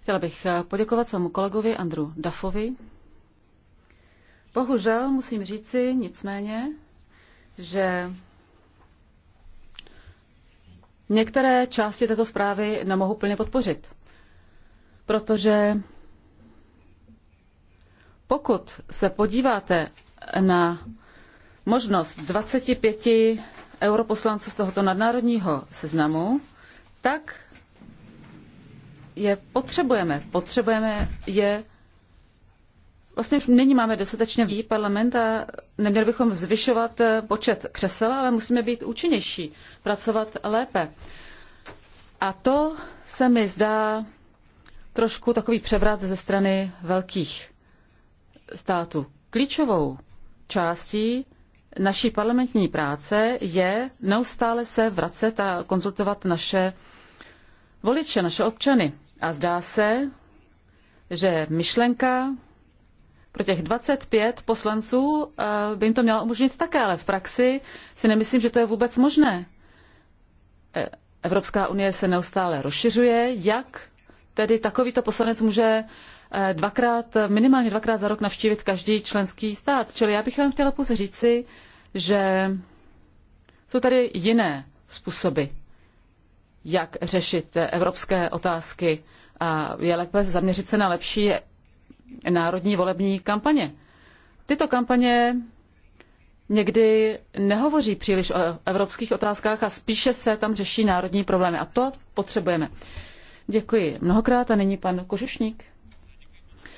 Chtěla bych poděkovat svému kolegovi Andru Dafovi. Bohužel musím říci nicméně, že některé části této zprávy nemohu plně podpořit, protože pokud se podíváte na možnost 25 europoslanců z tohoto nadnárodního seznamu, tak je potřebujeme. Potřebujeme je Vlastně už nyní máme dostatečně vý parlament a neměli bychom zvyšovat eh, počet křesel, ale musíme být účinnější, pracovat lépe. A to se mi zdá trošku takový převrat ze strany velkých státu. Klíčovou částí naší parlamentní práce je neustále se vracet a konzultovat naše voliče, naše občany. A zdá se, že myšlenka pro těch 25 poslanců eh, by jim to měla umožnit také, ale v praxi si nemyslím, že to je vůbec možné. Eh, Evropská unie se neustále rozšiřuje. Jak tedy takovýto poslanec může Eh, dvakrát, minimálně dvakrát za rok navštívit každý členský stát. Čili já bych vám chtěla pouze říci, že jsou tady jiné způsoby, jak řešit evropské otázky a je lépe zaměřit se na lepší národní volební kampaně. Tyto kampaně někdy nehovoří příliš o evropských otázkách a spíše se tam řeší národní problémy. A to potřebujeme. Děkuji mnohokrát a nyní pan Kožušník.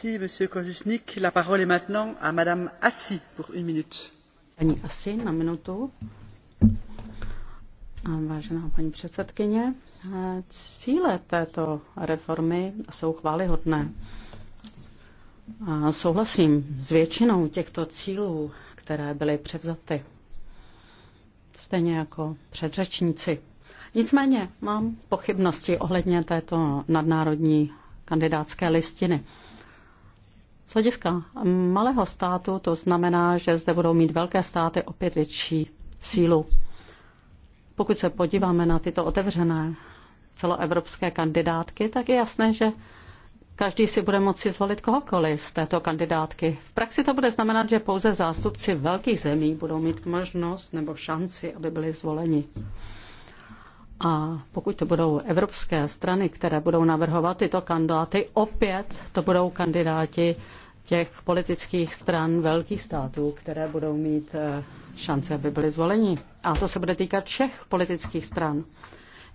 Paní předsedající předsedkyně, cíle této reformy jsou chvályhodné. souhlasím s většinou těchto cílů, které byly převzaty. Stejně jako předřečníci. Nicméně mám pochybnosti ohledně této nadnárodní kandidátské listiny. Z hlediska malého státu to znamená, že zde budou mít velké státy opět větší sílu. Pokud se podíváme na tyto otevřené celoevropské kandidátky, tak je jasné, že každý si bude moci zvolit kohokoliv z této kandidátky. V praxi to bude znamenat, že pouze zástupci velkých zemí budou mít možnost nebo šanci, aby byli zvoleni. A pokud to budou evropské strany, které budou navrhovat tyto kandidáty, opět to budou kandidáti těch politických stran velkých států, které budou mít eh, šance, aby byly zvoleni. A to se bude týkat všech politických stran.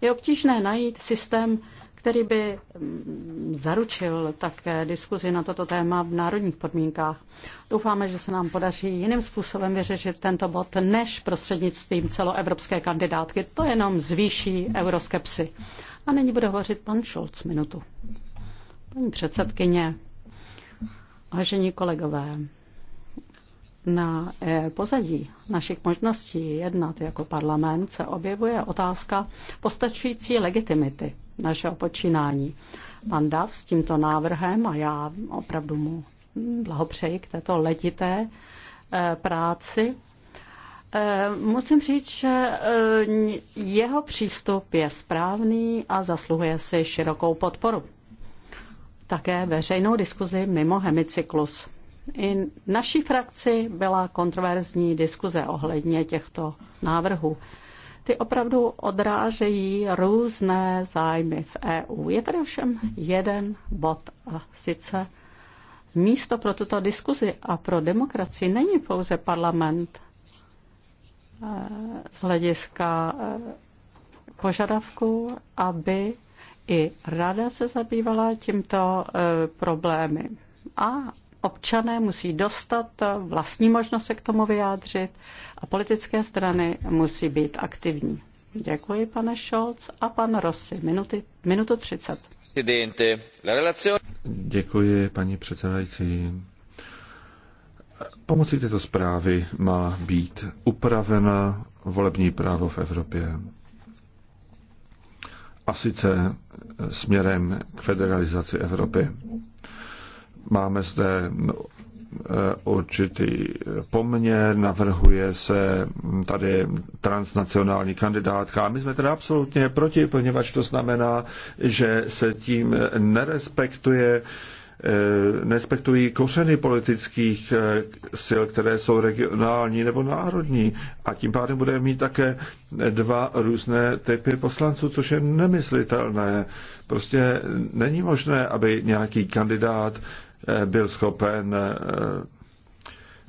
Je obtížné najít systém, který by mm, zaručil také diskuzi na toto téma v národních podmínkách. Doufáme, že se nám podaří jiným způsobem vyřešit tento bod než prostřednictvím celoevropské kandidátky. To jenom zvýší euroskepsy. A nyní bude hovořit pan Schulz minutu. Paní předsedkyně, Vážení kolegové, na eh, pozadí našich možností jednat jako parlament se objevuje otázka postačující legitimity našeho počínání. Pan Dav s tímto návrhem a já opravdu mu blahopřeji k této letité eh, práci. Eh, musím říct, že jeho přístup je správný a zasluhuje si širokou podporu také veřejnou diskuzi mimo hemicyklus. I naší frakci byla kontroverzní diskuze ohledně těchto návrhů. Ty opravdu odrážejí různé zájmy v EU. Je tady ovšem jeden bod a sice místo pro tuto diskuzi a pro demokracii není pouze parlament eh, z hlediska eh, požadavku, aby i rada se zabývala tímto e, problémy. A občané musí dostat vlastní možnost se k tomu vyjádřit a politické strany musí být aktivní. Děkuji, pane Scholz a pan Rossi. Minuty, minutu 30. Děkuji, paní předsedající. Pomocí této zprávy má být upravena volební právo v Evropě a sice směrem k federalizaci Evropy. Máme zde no, eh, určitý poměr, navrhuje se tady transnacionální kandidátka. A my jsme teda absolutně proti, poněvadž to znamená, že se tím nerespektuje Eh, nespektují kořeny politických eh, sil, které jsou regionální nebo národní. A tím pádem budeme mít také dva různé typy poslanců, což je nemyslitelné. Prostě není možné, aby nějaký kandidát eh, byl schopen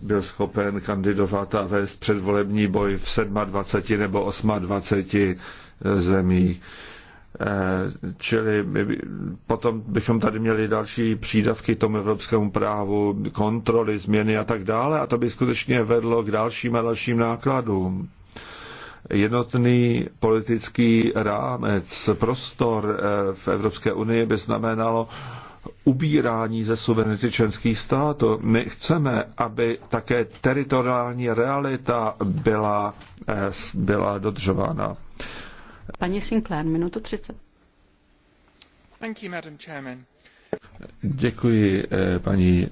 byl schopen kandidovat a vést předvolební boj v 27 nebo 28 zemích. Eh, čili potom bychom tady měli další přídavky tomu evropskému právu, kontroly, změny a tak dále a to by skutečně vedlo k dalším a dalším nákladům. Jednotný politický rámec, prostor eh, v Evropské unii by znamenalo ubírání ze suverenity členských států. My chceme, aby také teritoriální realita byla, eh, byla dodržována. Paní Sinclair, minutu 30. Děkuji, eh, paní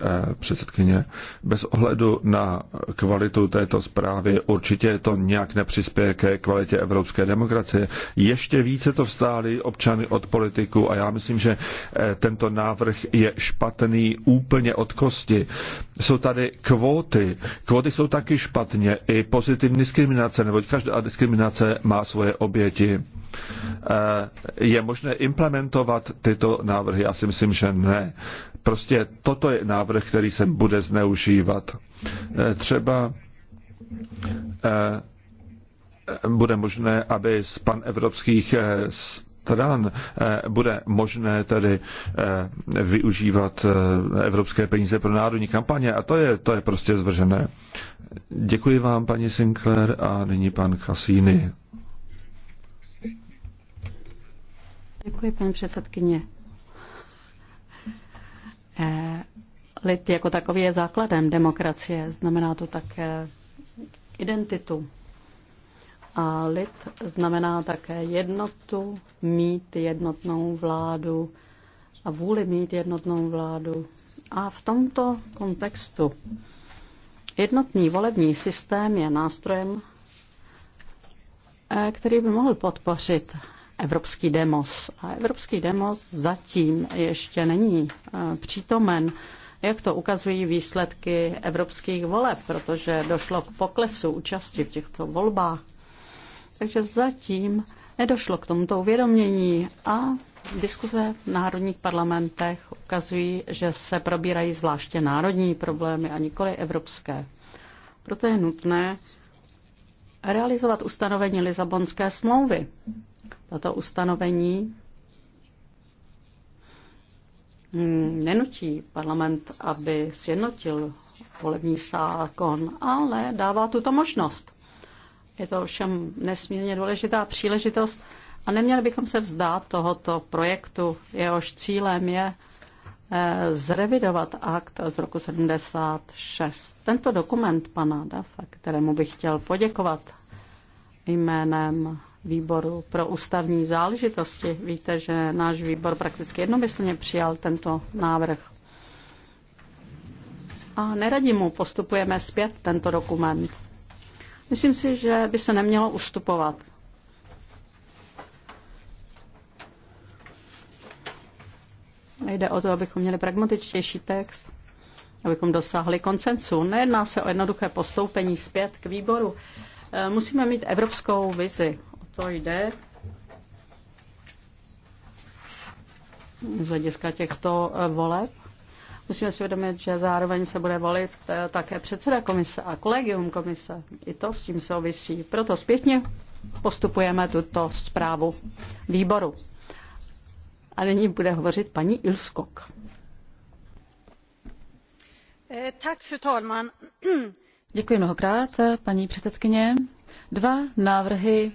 Eh, předsedkyně. Bez ohledu na kvalitu této zprávy určitě to nějak nepřispěje ke kvalitě evropské demokracie. Ještě více to vstáli občany od politiku a já myslím, že eh, tento návrh je špatný úplně od kosti. Jsou tady kvóty. Kvóty jsou taky špatně. I pozitivní diskriminace, neboť každá diskriminace má svoje oběti. Eh, je možné implementovat tyto návrhy? Já si myslím, že ne. Prostě toto je návrh, který se bude zneužívat. Eh, třeba eh, bude možné, aby z evropských eh, stran bude možné tedy využívat evropské peníze pro národní kampaně a to je, to je prostě zvržené. Děkuji vám, paní Sinclair, a nyní pan Cassini. Děkuji, paní předsedkyně. Eh, lid jako takový je základem demokracie, znamená to také identitu. A lid znamená také jednotu, mít jednotnou vládu a vůli mít jednotnou vládu. A v tomto kontextu jednotný volební systém je nástrojem, eh, který by mohl podpořit evropský demos. A evropský demos zatím ještě není eh, přítomen, jak to ukazují výsledky evropských voleb, protože došlo k poklesu účasti v těchto volbách. Takže zatím nedošlo k tomuto uvědomění a Diskuze v národních parlamentech ukazují, že se probírají zvláště národní problémy a nikoli evropské. Proto je nutné realizovat ustanovení Lisabonské smlouvy. Toto ustanovení nenutí parlament, aby sjednotil volební zákon, ale dává tuto možnost. Je to ovšem nesmírně důležitá příležitost a neměli bychom se vzdát tohoto projektu. Jehož cílem je eh, zrevidovat akt z roku 76. Tento dokument pana Dafa, kterému bych chtěl poděkovat jménem výboru pro ústavní záležitosti. Víte, že náš výbor prakticky jednomyslně přijal tento návrh. A neradi mu postupujeme zpět tento dokument. Myslím si, že by se nemělo ustupovat. Jde o to, abychom měli pragmatičtější text, abychom dosáhli koncensu. Nejedná se o jednoduché postoupení zpět k výboru. E, musíme mít evropskou vizi to jde z hlediska těchto eh, voleb. Musíme si uvědomit, že zároveň se bude volit eh, také předseda komise a kolegium komise. I to s tím souvisí. Proto zpětně postupujeme tuto zprávu výboru. A nyní bude hovořit paní Ilskok. Eh, Děkuji mnohokrát, paní předsedkyně. Dva návrhy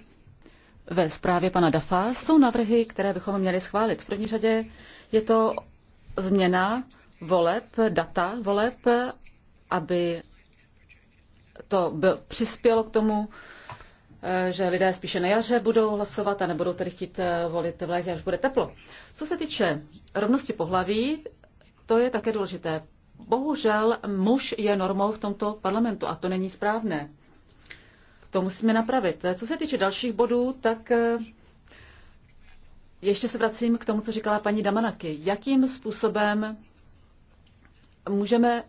ve zprávě pana Dafa jsou návrhy, které bychom měli schválit. V první řadě je to změna voleb, data voleb, aby to byl, přispělo k tomu, eh, že lidé spíše na jaře budou hlasovat a nebudou tedy chtít eh, volit v létě, až bude teplo. Co se týče rovnosti pohlaví, to je také důležité. Bohužel muž je normou v tomto parlamentu a to není správné to musíme napravit. Co se týče dalších bodů, tak eh, ještě se vracím k tomu, co říkala paní Damanaky. Jakým způsobem můžeme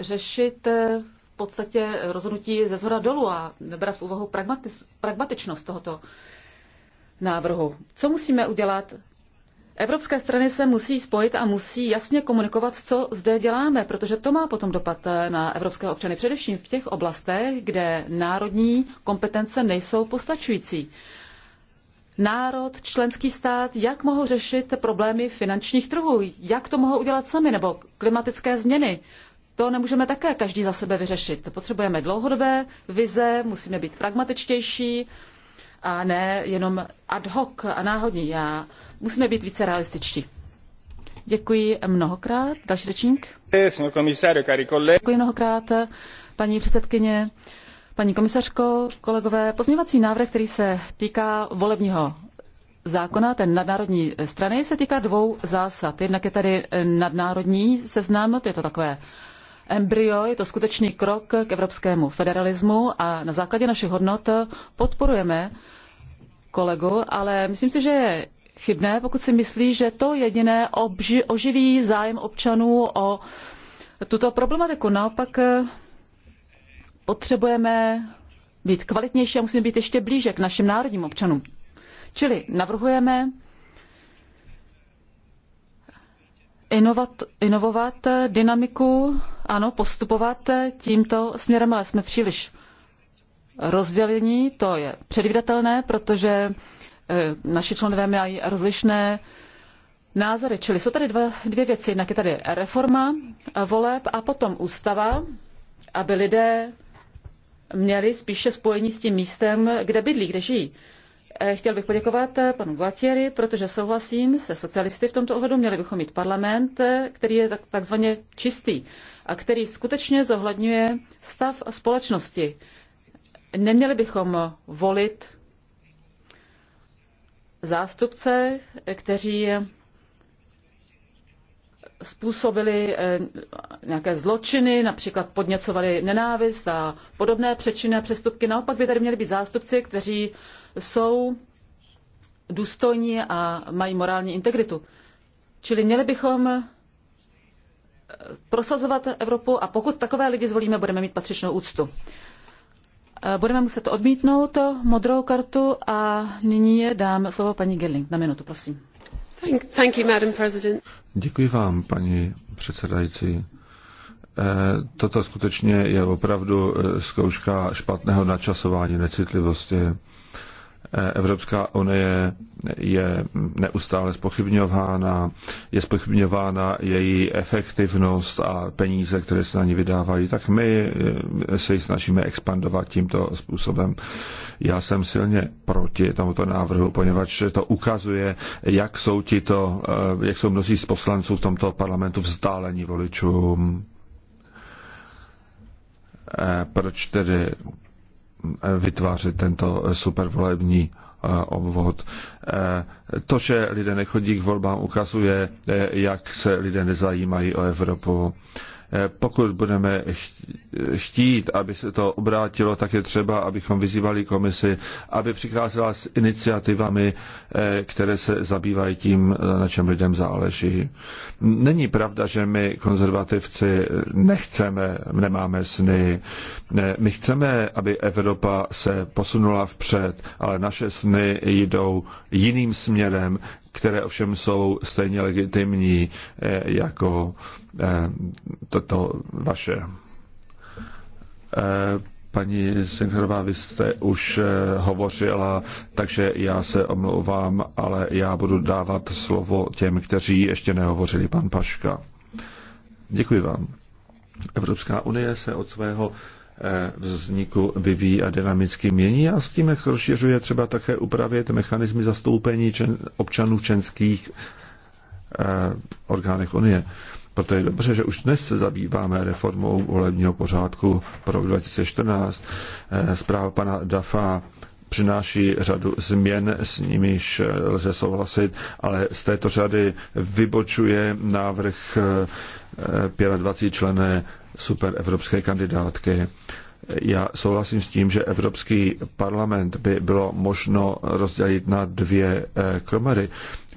řešit eh, v podstatě rozhodnutí ze zhora dolů a nebrat v úvahu pragmatičnost tohoto návrhu? Co musíme udělat, Evropské strany se musí spojit a musí jasně komunikovat, co zde děláme, protože to má potom dopad eh, na evropské občany, především v těch oblastech, kde národní kompetence nejsou postačující. Národ, členský stát, jak mohou řešit problémy finančních trhů, jak to mohou udělat sami, nebo klimatické změny. To nemůžeme také každý za sebe vyřešit. Potřebujeme dlouhodobé vize, musíme být pragmatičtější a ne jenom ad hoc a náhodní. Já Musíme být více realističtí. Děkuji mnohokrát. Další řečník. Děkuji mnohokrát, paní předsedkyně, paní komisařko, kolegové. Pozměňovací návrh, který se týká volebního zákona, ten nadnárodní strany, se týká dvou zásad. Jednak je tady nadnárodní seznam, to je to takové embryo, je to skutečný krok k evropskému federalismu a na základě našich hodnot podporujeme kolegu, ale myslím si, že je chybné, pokud si myslí, že to jediné obži, oživí zájem občanů o tuto problematiku. Naopak eh, potřebujeme být kvalitnější a musíme být ještě blíže k našim národním občanům. Čili navrhujeme inovat, inovovat eh, dynamiku, ano, postupovat eh, tímto směrem, ale jsme příliš rozdělení, to je předvídatelné, protože Eh, naši členové mají rozlišné názory. Čili jsou tady dva, dvě věci. Jednak je tady reforma voleb a potom ústava, aby lidé měli spíše spojení s tím místem, kde bydlí, kde žijí. Eh, chtěl bych poděkovat eh, panu Guatieri, protože souhlasím se socialisty v tomto ohledu. Měli bychom mít parlament, který je tak, takzvaně čistý a který skutečně zohledňuje stav společnosti. Neměli bychom volit zástupce, kteří způsobili eh, nějaké zločiny, například podněcovali nenávist a podobné přečiny a přestupky. Naopak by tady měli být zástupci, kteří jsou důstojní a mají morální integritu. Čili měli bychom eh, prosazovat Evropu a pokud takové lidi zvolíme, budeme mít patřičnou úctu. Eh, budeme muset odmítnout modrou kartu a nyní je dám slovo paní Gerling. Na minutu, prosím. Thank, thank you, Madam President. Děkuji vám, paní předsedající. Eh, toto skutečně je opravdu eh, zkouška špatného načasování necitlivosti. Eh, Evropská unie je neustále spochybňována, je spochybňována její efektivnost a peníze, které se na ní vydávají, tak my eh, se ji snažíme expandovat tímto způsobem. Já jsem silně proti tomuto návrhu, poněvadž to ukazuje, jak jsou, tito, eh, jak jsou mnozí z poslanců v tomto parlamentu vzdálení voličům. Proč tedy vytvářet tento supervolební eh, obvod. Eh, to, že lidé nechodí k volbám, ukazuje, eh, jak se lidé nezajímají o Evropu. Pokud budeme chtít, aby se to obrátilo, tak je třeba, abychom vyzývali komisi, aby přicházela s iniciativami, eh, které se zabývají tím, na čem lidem záleží. Není pravda, že my konzervativci nechceme, nemáme sny. My chceme, aby Evropa se posunula vpřed, ale naše sny jdou jiným směrem, které ovšem jsou stejně legitimní eh, jako eh, toto vaše. Eh, paní Sincherová, vy jste už hovořila, takže já se omlouvám, ale já budu dávat slovo těm, kteří ještě nehovořili. Pan Paška. Děkuji vám. Evropská unie se od svého Eh, vzniku vyvíjí a dynamicky mění a s tím rozšiřuje třeba také upravit mechanizmy zastoupení čen, občanů v členských eh, orgánech Unie. Proto je dobře, že už dnes se zabýváme reformou volebního pořádku pro rok 2014. Eh, zpráva pana Dafa přináší řadu změn, s nimiž eh, lze souhlasit, ale z této řady vybočuje návrh 25 eh, člené super evropské kandidátky. Já souhlasím s tím, že Evropský parlament by bylo možno rozdělit na dvě eh, komory.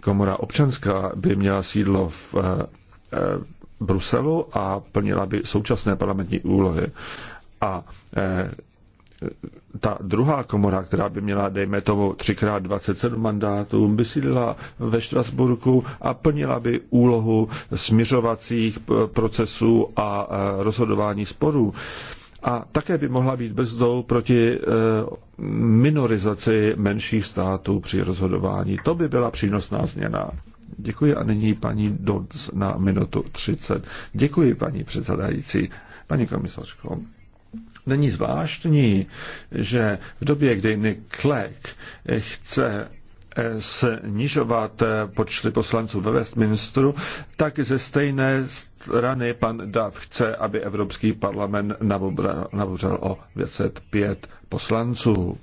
Komora občanská by měla sídlo v Bruselu a plnila by současné parlamentní úlohy. A ta druhá komora, která by měla, dejme tomu, 3x27 mandátů, by sídlila ve Štrasburku a plnila by úlohu směřovacích procesů a e, rozhodování sporů. A také by mohla být bezdou proti e, minorizaci menších států při rozhodování. To by byla přínosná změna. Děkuji a nyní paní Dodds na minutu 30. Děkuji, paní předsedající, paní komisařko. Není zvláštní, že v době, kdy Nick Clegg chce eh, snižovat eh, počty poslanců ve Westminsteru, tak ze stejné strany pan Dav chce, aby Evropský parlament nabořel o 505 poslanců.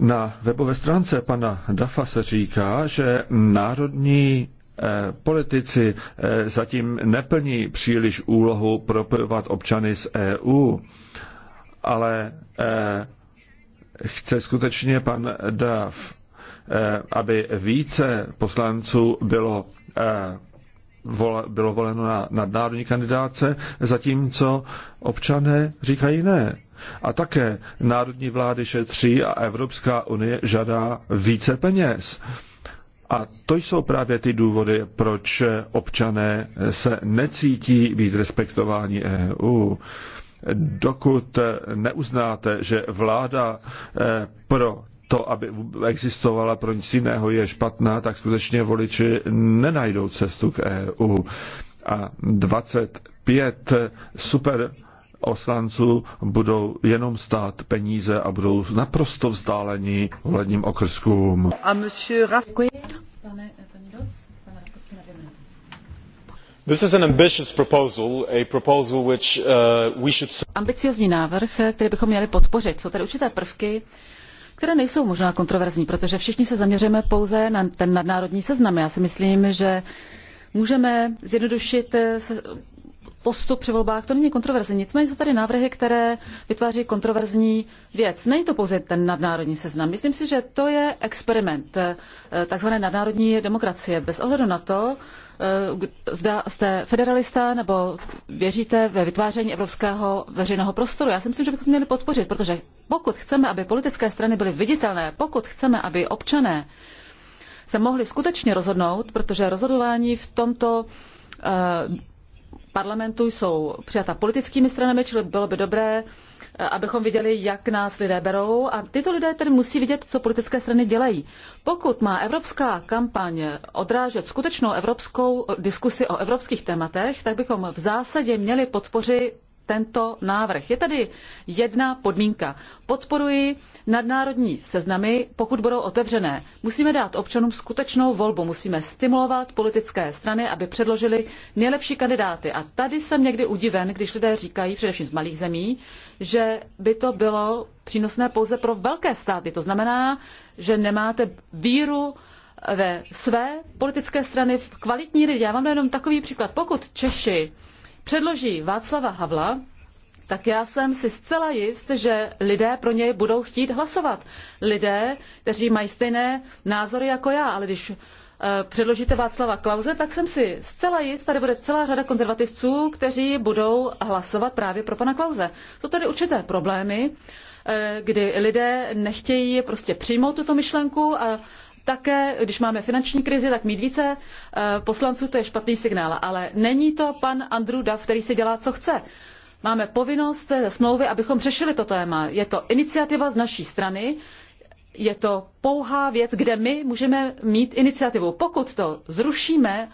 Na webové stránce pana Dafa se říká, že národní Eh, politici eh, zatím neplní příliš úlohu propojovat občany z EU, ale eh, chce skutečně pan Dav, aby více poslanců bylo bylo voleno na nadnárodní kandidáce, zatímco občané říkají ne. A také národní vlády šetří a Evropská unie žádá více peněz. A to jsou právě ty důvody, proč občané se necítí být respektováni EU. Dokud neuznáte, že vláda eh, pro to, aby existovala pro nic jiného, je špatná, tak skutečně voliči nenajdou cestu k EU. A 25 super oslanců budou jenom stát peníze a budou naprosto vzdálení volebním okrskům. A monsieur Ras... Děkuji. Pane, pan Dos, pan This is an ambitious proposal, a proposal which uh, we should... Ambiciozní návrh, který bychom měli podpořit. Jsou tady určité prvky, které nejsou možná kontroverzní, protože všichni se zaměřujeme pouze na ten nadnárodní seznam. Já si myslím, že můžeme zjednodušit eh, postup při volbách, to není kontroverzní. Nicméně jsou tady návrhy, které vytváří kontroverzní věc. Není to pouze ten nadnárodní seznam. Myslím si, že to je experiment eh, takzvané nadnárodní demokracie. Bez ohledu na to, eh, zda jste federalista nebo věříte ve vytváření evropského veřejného prostoru. Já si myslím, že bychom měli podpořit, protože pokud chceme, aby politické strany byly viditelné, pokud chceme, aby občané se mohli skutečně rozhodnout, protože rozhodování v tomto eh, parlamentu jsou přijata politickými stranami, čili bylo by dobré, eh, abychom viděli, jak nás lidé berou. A tyto lidé tedy musí vidět, co politické strany dělají. Pokud má evropská kampaň odrážet skutečnou evropskou diskusi o evropských tématech, tak bychom v zásadě měli podpořit tento návrh. Je tady jedna podmínka. Podporuji nadnárodní seznamy, pokud budou otevřené. Musíme dát občanům skutečnou volbu, musíme stimulovat politické strany, aby předložili nejlepší kandidáty. A tady jsem někdy udiven, když lidé říkají, především z malých zemí, že by to bylo přínosné pouze pro velké státy. To znamená, že nemáte víru ve své politické strany v kvalitní lidi. Já vám dám jenom takový příklad. Pokud Češi předloží Václava Havla, tak já jsem si zcela jist, že lidé pro něj budou chtít hlasovat. Lidé, kteří mají stejné názory jako já, ale když eh, předložíte Václava Klauze, tak jsem si zcela jist, tady bude celá řada konzervativců, kteří budou hlasovat právě pro pana Klauze. Jsou tady určité problémy, eh, kdy lidé nechtějí prostě přijmout tuto myšlenku a také, když máme finanční krizi, tak mít více eh, poslanců, to je špatný signál. Ale není to pan Andrew Duff, který si dělá, co chce. Máme povinnost ze smlouvy, abychom řešili to téma. Je to iniciativa z naší strany, je to pouhá věc, kde my můžeme mít iniciativu. Pokud to zrušíme,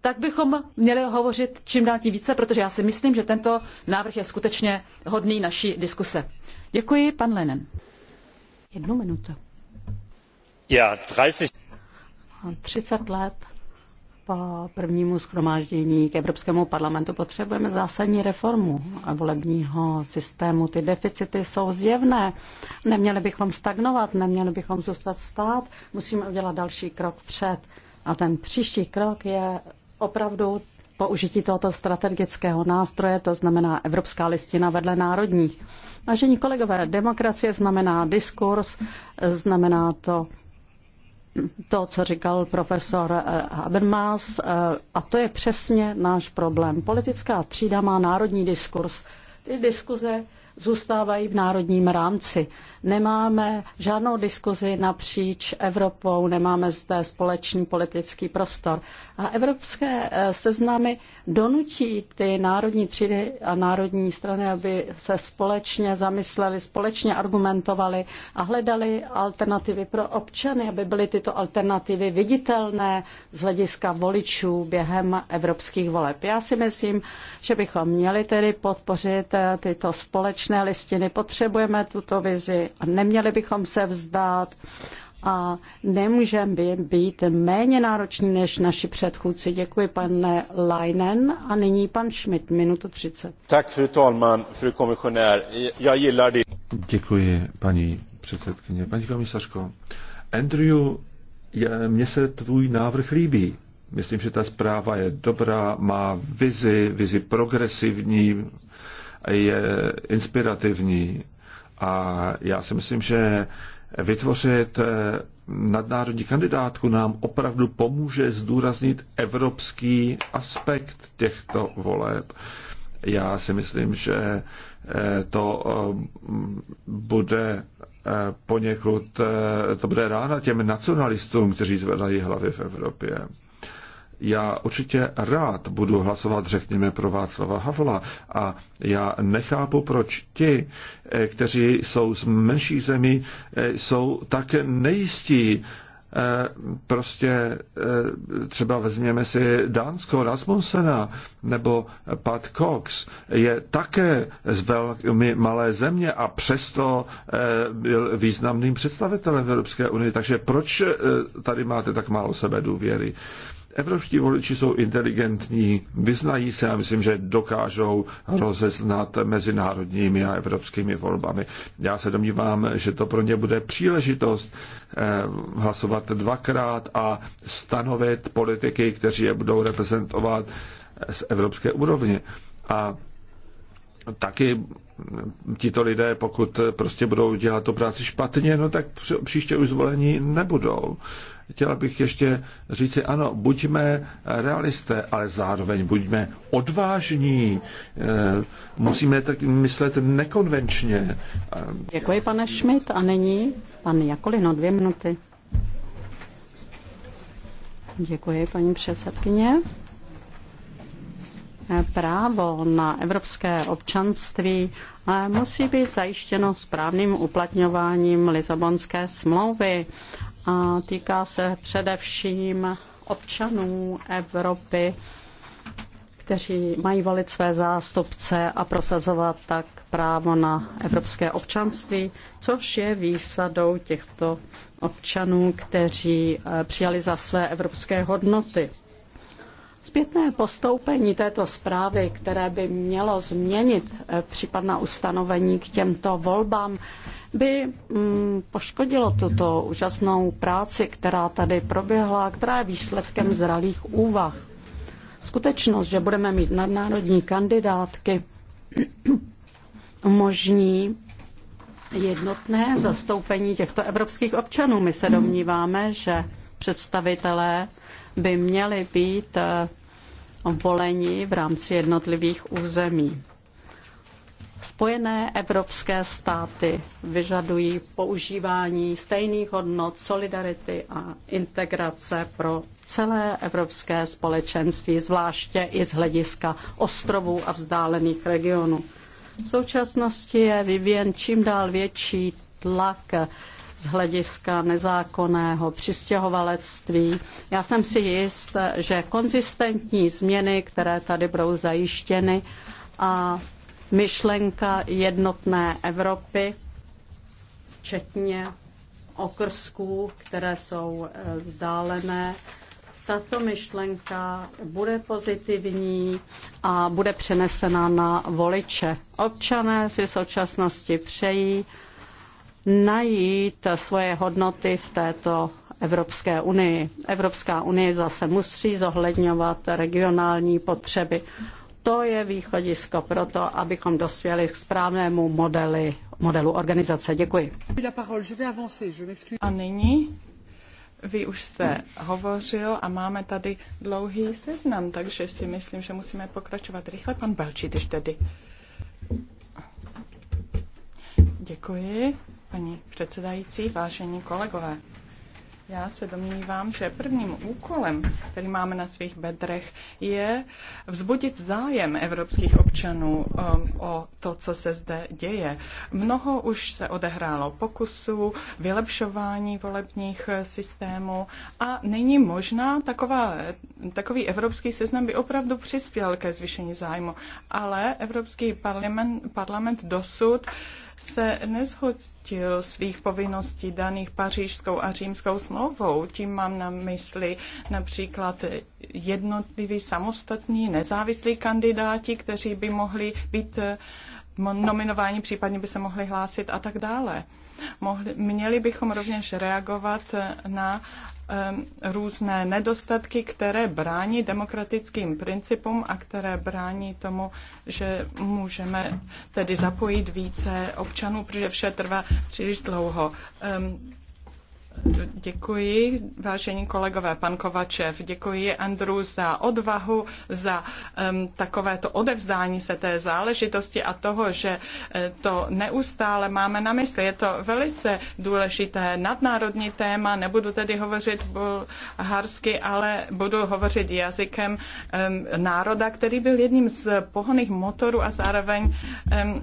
tak bychom měli hovořit čím dál tím více, protože já si myslím, že tento návrh je skutečně hodný naší diskuse. Děkuji, pan Lenen. Jednu minutu. Já 30... 30 let po prvnímu schromáždění k Evropskému parlamentu potřebujeme zásadní reformu volebního systému. Ty deficity jsou zjevné. Neměli bychom stagnovat, neměli bychom zůstat stát. Musíme udělat další krok před. A ten příští krok je opravdu použití tohoto strategického nástroje, to znamená Evropská listina vedle národních. Vážení kolegové, demokracie znamená diskurs, znamená to to, co říkal profesor eh, Habermas, eh, a to je přesně náš problém. Politická třída má národní diskurs. Ty diskuze zůstávají v národním rámci. Nemáme žádnou diskuzi napříč Evropou, nemáme zde společný politický prostor. A evropské eh, seznamy donutí ty národní třídy a národní strany, aby se společně zamysleli, společně argumentovali a hledali alternativy pro občany, aby byly tyto alternativy viditelné z hlediska voličů během evropských voleb. Já si myslím, že bychom měli tedy podpořit eh, tyto společné listiny. Potřebujeme tuto vizi neměli bychom se vzdát a nemůžeme být méně nároční než naši předchůdci. Děkuji pane Leinen a nyní pan Schmidt, minutu 30. Tak, fru talman, fru komisionér, já jí Děkuji, paní předsedkyně. Paní komisařko, Andrew, mně se tvůj návrh líbí. Myslím, že ta zpráva je dobrá, má vizi, vizi progresivní, je inspirativní a já si myslím, že vytvořit eh, nadnárodní kandidátku nám opravdu pomůže zdůraznit evropský aspekt těchto voleb. Já si myslím, že eh, to eh, bude poněkud, to bude rána těm nacionalistům, kteří zvedají hlavy v Evropě já určitě rád budu hlasovat, řekněme, pro Václava Havla a já nechápu, proč ti, eh, kteří jsou z menší zemí, eh, jsou tak nejistí. Eh, prostě třeba vezměme si Dánsko Rasmussena nebo Pat Cox je také z velmi malé země a přesto byl významným představitelem v Evropské unii. Takže proč tady máte tak málo sebe důvěry? Evropští voliči jsou inteligentní, vyznají se a myslím, že dokážou rozeznat mezinárodními a evropskými volbami. Já se domnívám, že to pro ně bude příležitost eh, hlasovat dvakrát a stanovit politiky, kteří je budou reprezentovat eh, z evropské úrovně. A taky tito lidé, pokud prostě budou dělat tu práci špatně, no tak příště už zvolení nebudou chtěl bych ještě říci, ano, buďme realisté, ale zároveň buďme odvážní. Eh, musíme tak myslet nekonvenčně. Děkuji, pane Schmidt. A nyní pan Jakolino, dvě minuty. Děkuji, paní předsedkyně. Právo na evropské občanství eh, musí být zajištěno správným uplatňováním Lisabonské smlouvy a týká se především občanů Evropy, kteří mají volit své zástupce a prosazovat tak právo na evropské občanství, což je výsadou těchto občanů, kteří eh, přijali za své evropské hodnoty. Zpětné postoupení této zprávy, které by mělo změnit eh, případná ustanovení k těmto volbám, by mm, poškodilo tuto úžasnou práci, která tady proběhla, která je výsledkem zralých úvah. Skutečnost, že budeme mít nadnárodní kandidátky, umožní jednotné zastoupení těchto evropských občanů. My se domníváme, že představitelé by měli být eh, voleni v rámci jednotlivých území. Spojené evropské státy vyžadují používání stejných hodnot solidarity a integrace pro celé evropské společenství, zvláště i z hlediska ostrovů a vzdálených regionů. V současnosti je vyvíjen čím dál větší tlak z hlediska nezákonného přistěhovalectví. Já jsem si jist, že konzistentní změny, které tady budou zajištěny a myšlenka jednotné Evropy, včetně okrsků, které jsou eh, vzdálené. Tato myšlenka bude pozitivní a bude přenesena na voliče. Občané si v současnosti přejí najít svoje hodnoty v této Evropské unii. Evropská unie zase musí zohledňovat regionální potřeby. To je východisko pro to, abychom dospěli k správnému modeli, modelu organizace. Děkuji. A nyní vy už jste hovořil a máme tady dlouhý seznam, takže si myslím, že musíme pokračovat rychle. Pan Belčí, když tedy. Děkuji, paní předsedající, vážení kolegové. Já se domnívám, že prvním úkolem, který máme na svých bedrech, je vzbudit zájem evropských občanů um, o to, co se zde děje. Mnoho už se odehrálo pokusů, vylepšování volebních eh, systémů a není možná taková, takový evropský seznam by opravdu přispěl ke zvýšení zájmu, ale Evropský parlament, parlament dosud uh, se nezhostil svých povinností daných pařížskou a římskou smlouvou. Tím mám na mysli například jednotliví samostatní nezávislí kandidáti, kteří by mohli být nominováni, případně by se mohli hlásit a tak dále. Mohli, měli bychom rovněž reagovat na um, různé nedostatky, které brání demokratickým principům a které brání tomu, že můžeme tedy zapojit více občanů, protože vše trvá příliš dlouho. Um, Děkuji, vážení kolegové, pan Kovačev, děkuji Andru za odvahu, za um, takovéto odevzdání se té záležitosti a toho, že eh, to neustále máme na mysli. Je to velice důležité nadnárodní téma, nebudu tedy hovořit bulharsky, ale budu hovořit jazykem um, národa, který byl jedním z pohoných motorů a zároveň um,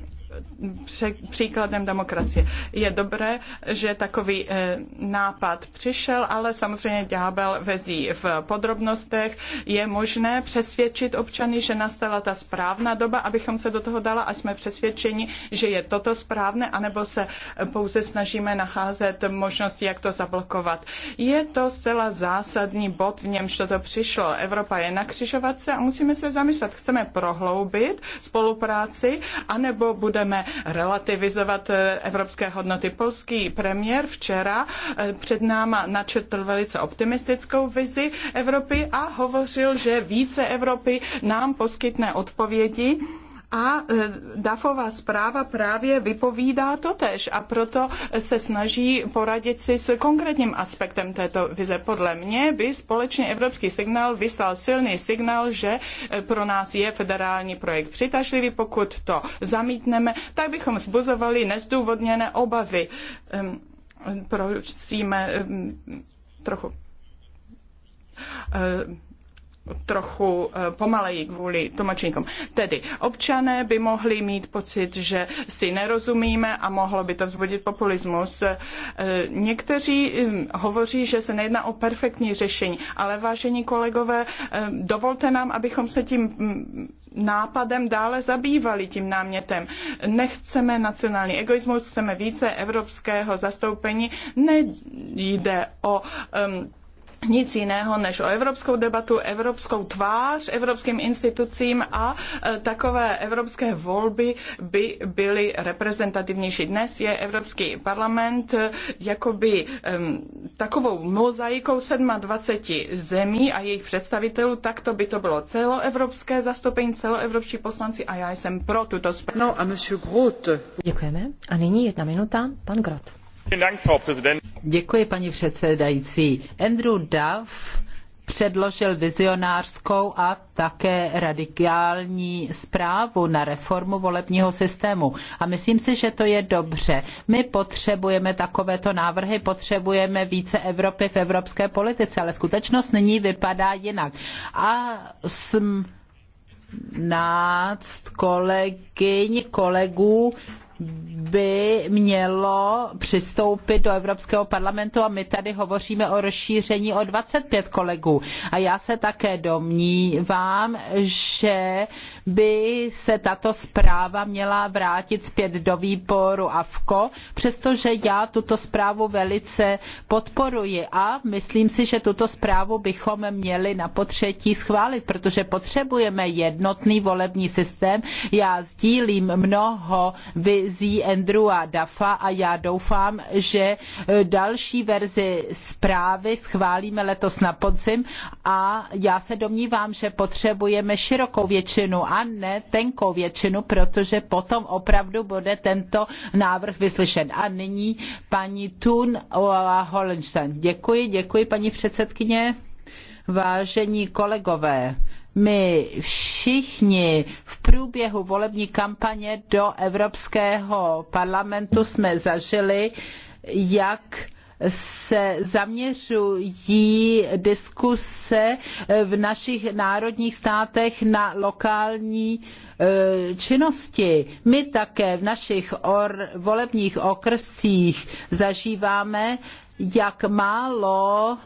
příkladem demokracie. Je dobré, že takový eh, nápad přišel, ale samozřejmě ďábel vezí v podrobnostech. Je možné přesvědčit občany, že nastala ta správná doba, abychom se do toho dala a jsme přesvědčeni, že je toto správné, anebo se pouze snažíme nacházet možnosti, jak to zablokovat. Je to zcela zásadní bod, v němž toto přišlo. Evropa je na křižovatce a musíme se zamyslet. Chceme prohloubit spolupráci, anebo budeme chceme relativizovat eh, evropské hodnoty. Polský premiér včera eh, před náma načetl velice optimistickou vizi Evropy a hovořil, že více Evropy nám poskytne odpovědi a e, DAFová zpráva právě vypovídá totež a proto se snaží poradit si s konkrétním aspektem této vize. Podle mě by společně evropský signál vyslal silný signál, že e, pro nás je federální projekt přitažlivý. Pokud to zamítneme, tak bychom zbuzovali nezdůvodněné obavy. Prosíme trochu e, trochu eh, pomaleji kvůli tlumočníkům. Tedy občané by mohli mít pocit, že si nerozumíme a mohlo by to vzbudit populismus. Eh, někteří hm, hovoří, že se nejedná o perfektní řešení, ale vážení kolegové, eh, dovolte nám, abychom se tím hm, nápadem dále zabývali, tím námětem. Nechceme nacionální egoismus, chceme více evropského zastoupení. Nejde o um, nic jiného než o evropskou debatu, evropskou tvář evropským institucím a e, takové evropské volby by byly reprezentativnější. Dnes je Evropský parlament e, jakoby takovou mozaikou 27 zemí a jejich představitelů, tak to by to bylo celoevropské zastoupení, celoevropští poslanci a já jsem pro tuto zprávu. No a monsieur Grote. Děkujeme. A nyní jedna minuta, pan Grot. Děkuji, paní předsedající. Andrew Duff předložil vizionářskou a také radikální zprávu na reformu volebního systému. A myslím si, že to je dobře. My potřebujeme takovéto návrhy, potřebujeme více Evropy v evropské politice, ale skutečnost nyní vypadá jinak. A jsem náct kolegyň, kolegů by mělo přistoupit do Evropského parlamentu a my tady hovoříme o rozšíření o 25 kolegů. A já se také domnívám, že by se tato zpráva měla vrátit zpět do výboru AFKO, přestože já tuto zprávu velice podporuji a myslím si, že tuto zprávu bychom měli na potřetí schválit, protože potřebujeme jednotný volební systém. Já sdílím mnoho vy verzí Andrewa Dafa a já doufám, že eh, další verzi zprávy schválíme letos na podzim a já se domnívám, že potřebujeme širokou většinu a ne tenkou většinu, protože potom opravdu bude tento návrh vyslyšen. A nyní paní Thun Holenstein. Děkuji, děkuji paní předsedkyně. Vážení kolegové, my všichni v průběhu volební kampaně do Evropského parlamentu jsme zažili, jak se zaměřují diskuse v našich národních státech na lokální e, činnosti. My také v našich volebních okrscích zažíváme, jak málo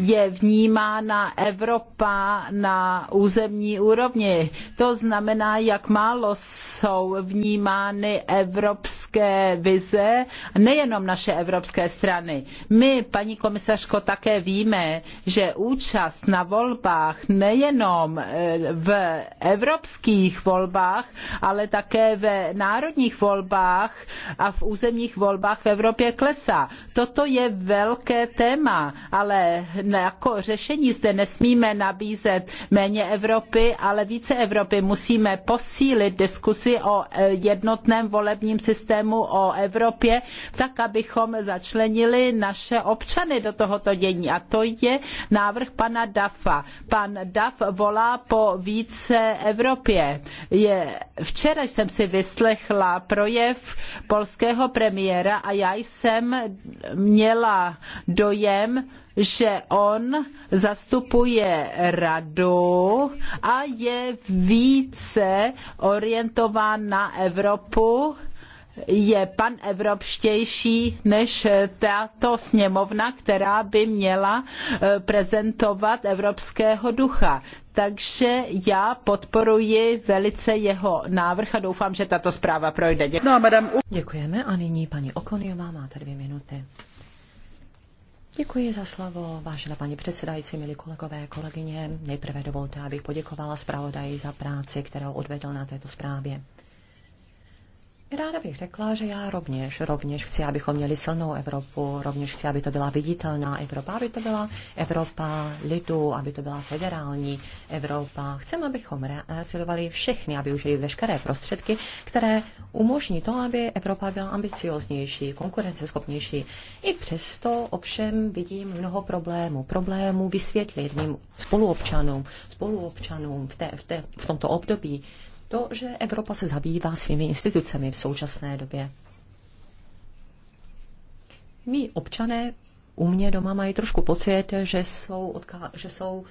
je vnímána Evropa na územní úrovni. To znamená, jak málo jsou vnímány evropské evropské vize, nejenom naše evropské strany. My, paní komisařko, také víme, že účast na volbách nejenom eh, v evropských volbách, ale také ve národních volbách a v územních volbách v Evropě klesá. Toto je velké téma, ale jako řešení zde nesmíme nabízet méně Evropy, ale více Evropy. Musíme posílit diskusi o eh, jednotném volebním systému systému o Evropě, tak abychom začlenili naše občany do tohoto dění. A to je návrh pana Dafa. Pan Daf volá po více Evropě. Je, včera jsem si vyslechla projev polského premiéra a já jsem měla dojem, že on zastupuje radu a je více orientován na Evropu je panevropštější než tato sněmovna, která by měla eh, prezentovat evropského ducha. Takže já podporuji velice jeho návrh a doufám, že tato zpráva projde. Děkuji. No, madam... Děkujeme a nyní paní Okoniová máte dvě minuty. Děkuji za slovo, vážená paní předsedající, milí kolegové, kolegyně. Nejprve dovolte, abych poděkovala zpravodaji za práci, kterou odvedl na této zprávě. Ráda bych řekla, že já rovněž, rovněž chci, abychom měli silnou Evropu, rovněž chci, aby to byla viditelná Evropa, aby to byla Evropa lidu, aby to byla federální Evropa. Chcem, abychom realizovali všechny a využili veškeré prostředky, které umožní to, aby Evropa byla ambicioznější, konkurenceschopnější. I přesto ovšem vidím mnoho problémů. Problémů vysvětlit mým spoluobčanům, spoluobčanům v, té, v, té, v tomto období to, že Evropa se zabývá svými institucemi v současné době. My občané u mě doma mají trošku pocit, že jsou, odká- že jsou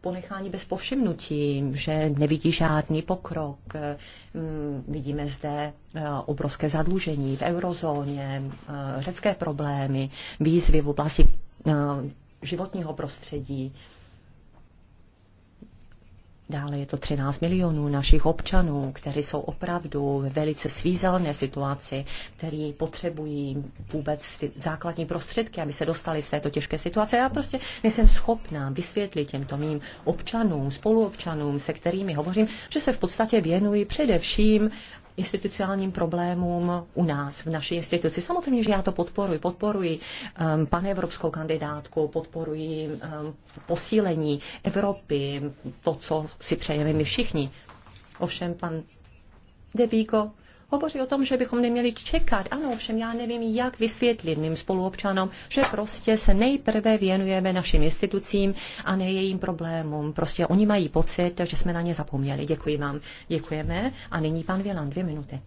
ponecháni bez povšimnutí, že nevidí žádný pokrok. Mm, vidíme zde eh, obrovské zadlužení v eurozóně, eh, řecké problémy, výzvy v oblasti eh, životního prostředí, Dále je to 13 milionů našich občanů, kteří jsou opravdu ve velice svízelné situaci, kteří potřebují vůbec ty základní prostředky, aby se dostali z této těžké situace. Já prostě nejsem schopná vysvětlit těmto mým občanům, spoluobčanům, se kterými hovořím, že se v podstatě věnují především institucionálním problémům u nás, v naší instituci. Samozřejmě, že já to podporuji. Podporuji um, panevropskou kandidátku, podporuji um, posílení Evropy, to, co si přejeme my všichni. Ovšem, pan Debíko hovoří o tom, že bychom neměli čekat. Ano, ovšem já nevím, jak vysvětlit mým spoluobčanům, že prostě se nejprve věnujeme našim institucím a ne jejím problémům. Prostě oni mají pocit, že jsme na ně zapomněli. Děkuji vám. Děkujeme. A nyní pan Vělan, dvě minuty.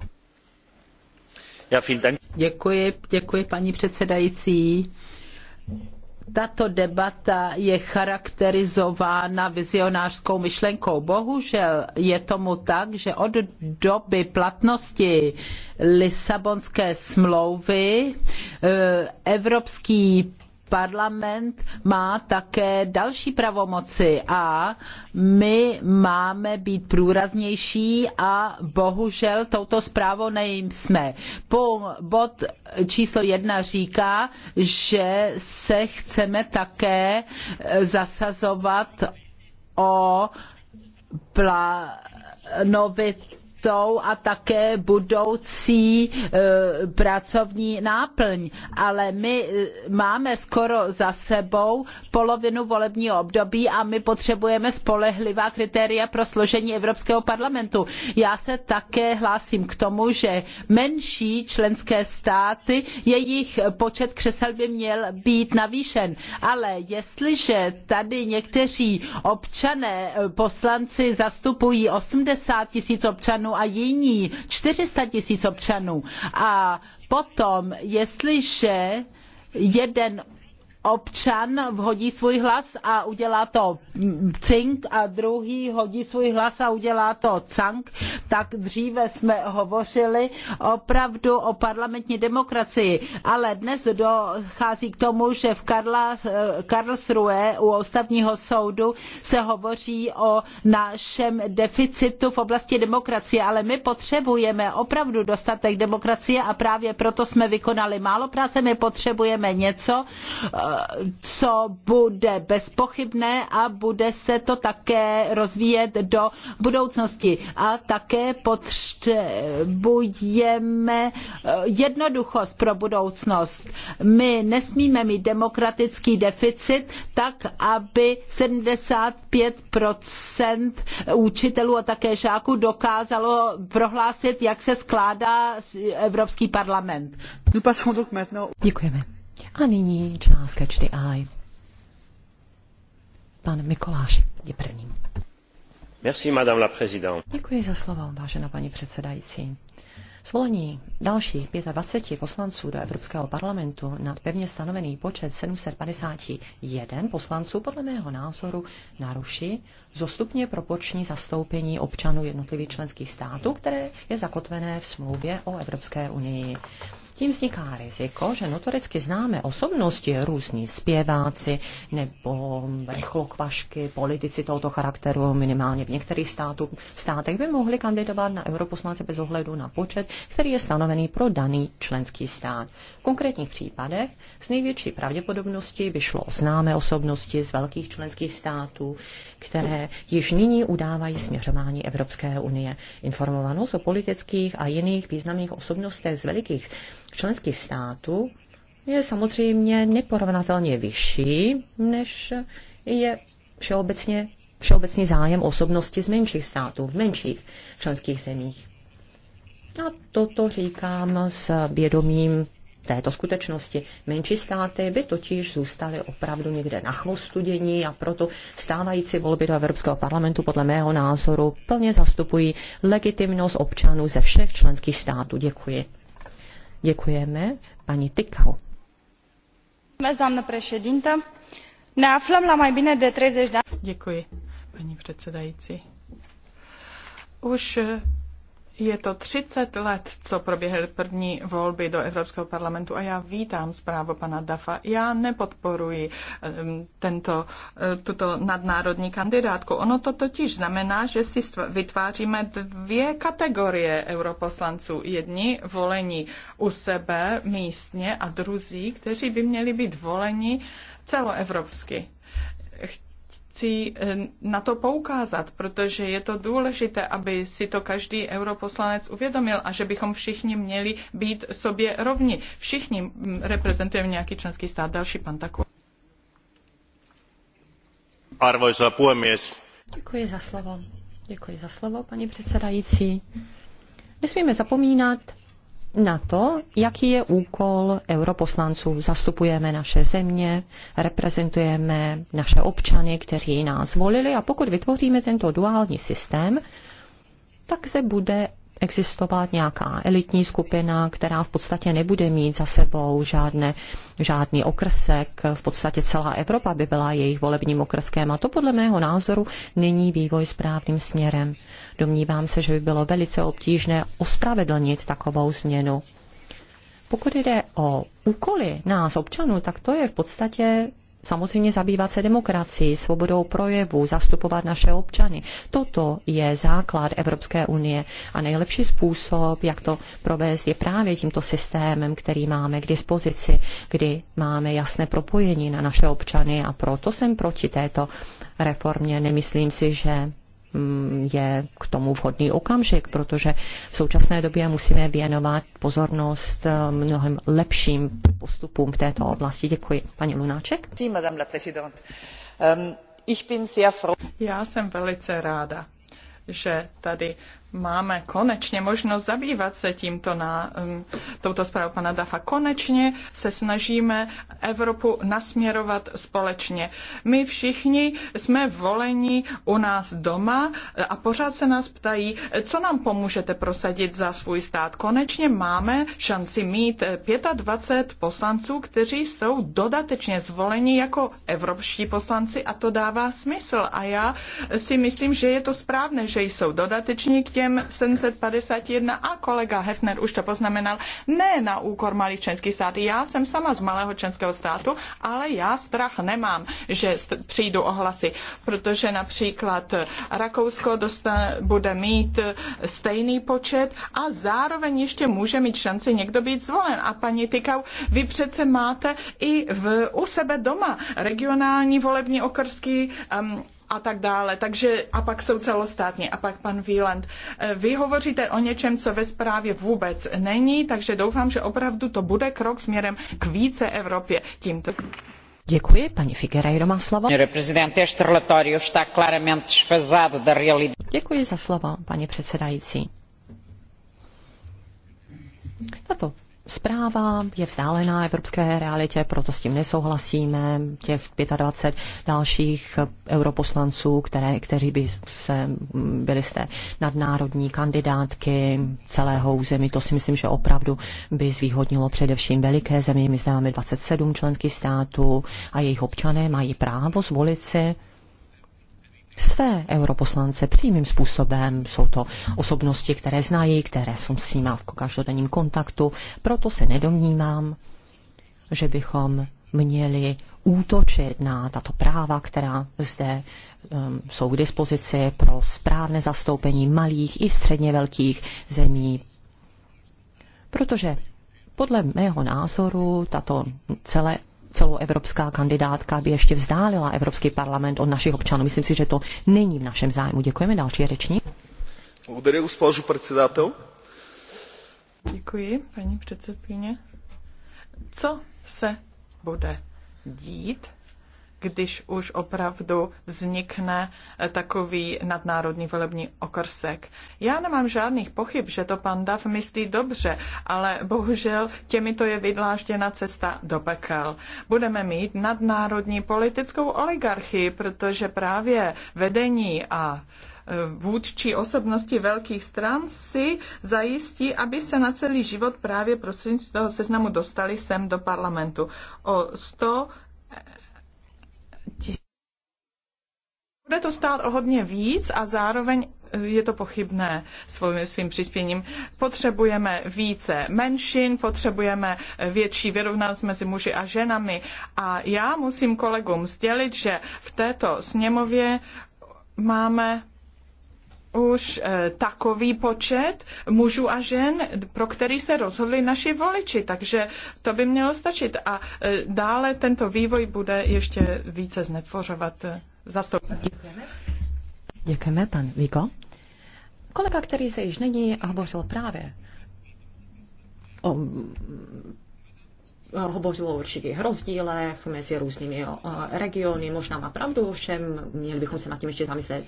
Děkuji, děkuji paní předsedající tato debata je charakterizována vizionářskou myšlenkou. Bohužel je tomu tak, že od doby platnosti Lisabonské smlouvy eh, Evropský parlament má také další pravomoci a my máme být průraznější a bohužel touto zprávou nejsme. Bod číslo jedna říká, že se chceme také eh, zasazovat o plánovit mzdou a také budoucí e, pracovní náplň. Ale my e, máme skoro za sebou polovinu volebního období a my potřebujeme spolehlivá kritéria pro složení Evropského parlamentu. Já se také hlásím k tomu, že menší členské státy, jejich počet křesel by měl být navýšen. Ale jestliže tady někteří občané, e, poslanci zastupují 80 tisíc občanů a jiní 400 tisíc občanů. A potom, jestliže jeden občan vhodí svůj hlas a udělá to cink a druhý hodí svůj hlas a udělá to cank, tak dříve jsme hovořili opravdu o parlamentní demokracii. Ale dnes dochází k tomu, že v Karla, Karlsruhe u ústavního soudu se hovoří o našem deficitu v oblasti demokracie, ale my potřebujeme opravdu dostatek demokracie a právě proto jsme vykonali málo práce, my potřebujeme něco, co bude bezpochybné a bude se to také rozvíjet do budoucnosti. A také potřebujeme eh, jednoduchost pro budoucnost. My nesmíme mít demokratický deficit tak, aby 75 učitelů a také žáků dokázalo prohlásit, jak se skládá Evropský parlament. Děkujeme. A nyní část Catch the Eye. Pan Mikoláš je prvním. Merci, madame la présidente. Děkuji za slovo, vážená paní předsedající. Zvolení dalších 25 poslanců do Evropského parlamentu nad pevně stanovený počet 751 poslanců podle mého názoru naruší zostupně proporční zastoupení občanů jednotlivých členských států, které je zakotvené v smlouvě o Evropské unii. Tím vzniká riziko, že notoricky známé osobnosti, různí zpěváci nebo rychlokvašky, politici tohoto charakteru minimálně v některých státu, státech by mohli kandidovat na europoslance bez ohledu na počet, který je stanovený pro daný členský stát. V konkrétních případech s největší pravděpodobností by šlo o známé osobnosti z velkých členských států, které již nyní udávají směřování Evropské unie. Informovanost o politických a jiných významných osobnostech z velikých členských států je samozřejmě neporovnatelně vyšší, než je všeobecně, všeobecný zájem osobnosti z menších států, v menších členských zemích. A toto říkám s vědomím této skutečnosti. Menší státy by totiž zůstaly opravdu někde na chvostu dění a proto stávající volby do Evropského parlamentu podle mého názoru plně zastupují legitimnost občanů ze všech členských států. Děkuji. Děkujeme. Paní Tykau. Ne aflăm la mai bine de 30 de ani. Děkuji, paní předsedající. Už eh, je to 30 let, co proběhly první volby do Evropského parlamentu a já vítám zprávu pana Dafa. Já nepodporuji ehm, tento, eh, tuto nadnárodní kandidátku. Ono to totiž znamená, že si vytváříme dvě kategorie europoslanců. Jedni volení u sebe místně a druzí, kteří by měli být voleni celoevropsky chci eh, na to poukázat, protože je to důležité, aby si to každý europoslanec uvědomil a že bychom všichni měli být sobě rovni. Všichni mm, reprezentujeme nějaký členský stát. Další pan Taku. Arvoisa puhemies. Děkuji za slovo. Děkuji za slovo, paní předsedající. Nesmíme zapomínat na to, jaký je úkol europoslanců. Zastupujeme naše země, reprezentujeme naše občany, kteří nás volili a pokud vytvoříme tento duální systém, tak se bude existovat nějaká elitní skupina, která v podstatě nebude mít za sebou žádné, žádný okrsek. V podstatě celá Evropa by byla jejich volebním okrskem a to podle mého názoru není vývoj správným směrem. Domnívám se, že by bylo velice obtížné ospravedlnit takovou změnu. Pokud jde o úkoly nás občanů, tak to je v podstatě samozřejmě zabývat se demokracií, svobodou projevu, zastupovat naše občany. Toto je základ Evropské unie a nejlepší způsob, jak to provést, je právě tímto systémem, který máme k dispozici, kdy máme jasné propojení na naše občany a proto jsem proti této reformě. Nemyslím si, že je k tomu vhodný okamžik, protože v současné době musíme věnovat pozornost eh, mnohem lepším postupům v této oblasti. Děkuji. Paní Lunáček? Já jsem velice ráda, že tady máme konečně možnost zabývat se tímto na, um, touto zprávou pana Dafa. Konečně se snažíme Evropu nasměrovat společně. My všichni jsme voleni u nás doma a pořád se nás ptají, co nám pomůžete prosadit za svůj stát. Konečně máme šanci mít 25 poslanců, kteří jsou dodatečně zvoleni jako evropští poslanci a to dává smysl. A já si myslím, že je to správné, že jsou dodateční k těm těm 751 a kolega Hefner už to poznamenal, ne na úkor malých členských států. Já jsem sama z malého členského státu, ale já strach nemám, že přijdu ohlasy, protože například Rakousko bude mít stejný počet a zároveň ještě může mít šanci někdo být zvolen. A paní Tykau, vy přece máte i v, u sebe doma regionální volební okrsky, um, a tak dále. Takže a pak jsou celostátní. A pak pan Wieland. Eh, vy hovoříte o něčem, co ve zprávě vůbec není, takže doufám, že opravdu to bude krok směrem k více Evropě tímto. Děkuji, paní Figueiredo slovo. Děkuji za slovo, paní předsedající. Tato zpráva je vzdálená evropské realitě, proto s tím nesouhlasíme. Těch 25 dalších europoslanců, které, kteří by se, byli jste nadnárodní kandidátky celého území, to si myslím, že opravdu by zvýhodnilo především veliké země. My zde máme 27 členských států a jejich občané mají právo zvolit si své europoslance přímým způsobem. Jsou to osobnosti, které znají, které jsou s nimi v každodenním kontaktu. Proto se nedomnívám, že bychom měli útočit na tato práva, která zde um, jsou k dispozici pro správné zastoupení malých i středně velkých zemí. Protože podle mého názoru tato celé celoevropská kandidátka by ještě vzdálila Evropský parlament od našich občanů. Myslím si, že to není v našem zájmu. Děkujeme. Další řečník. Děkuji, paní předsedkyně. Co se bude dít když už opravdu vznikne eh, takový nadnárodní volební okrsek. Já nemám žádných pochyb, že to pan Dav myslí dobře, ale bohužel těmito je vydlážděna cesta do pekel. Budeme mít nadnárodní politickou oligarchii, protože právě vedení a eh, vůdčí osobnosti velkých stran si zajistí, aby se na celý život právě prostřednictvím toho seznamu dostali sem do parlamentu. O 100 Bude to stát o hodně víc a zároveň eh, je to pochybné svým, svým přispěním. Potřebujeme více menšin, potřebujeme eh, větší vyrovnanost mezi muži a ženami. A já musím kolegům sdělit, že v této sněmově máme už eh, takový počet mužů a žen, pro který se rozhodli naši voliči, takže to by mělo stačit. A dále tento vývoj bude ještě více znetvořovat zastoupení. Děkujeme. pan Vigo. Kolega, který se již není, hovořil právě o hovořilo o určitých rozdílech mezi různými eh, regiony. Možná má pravdu, ovšem měli bychom se nad tím ještě zamyslet.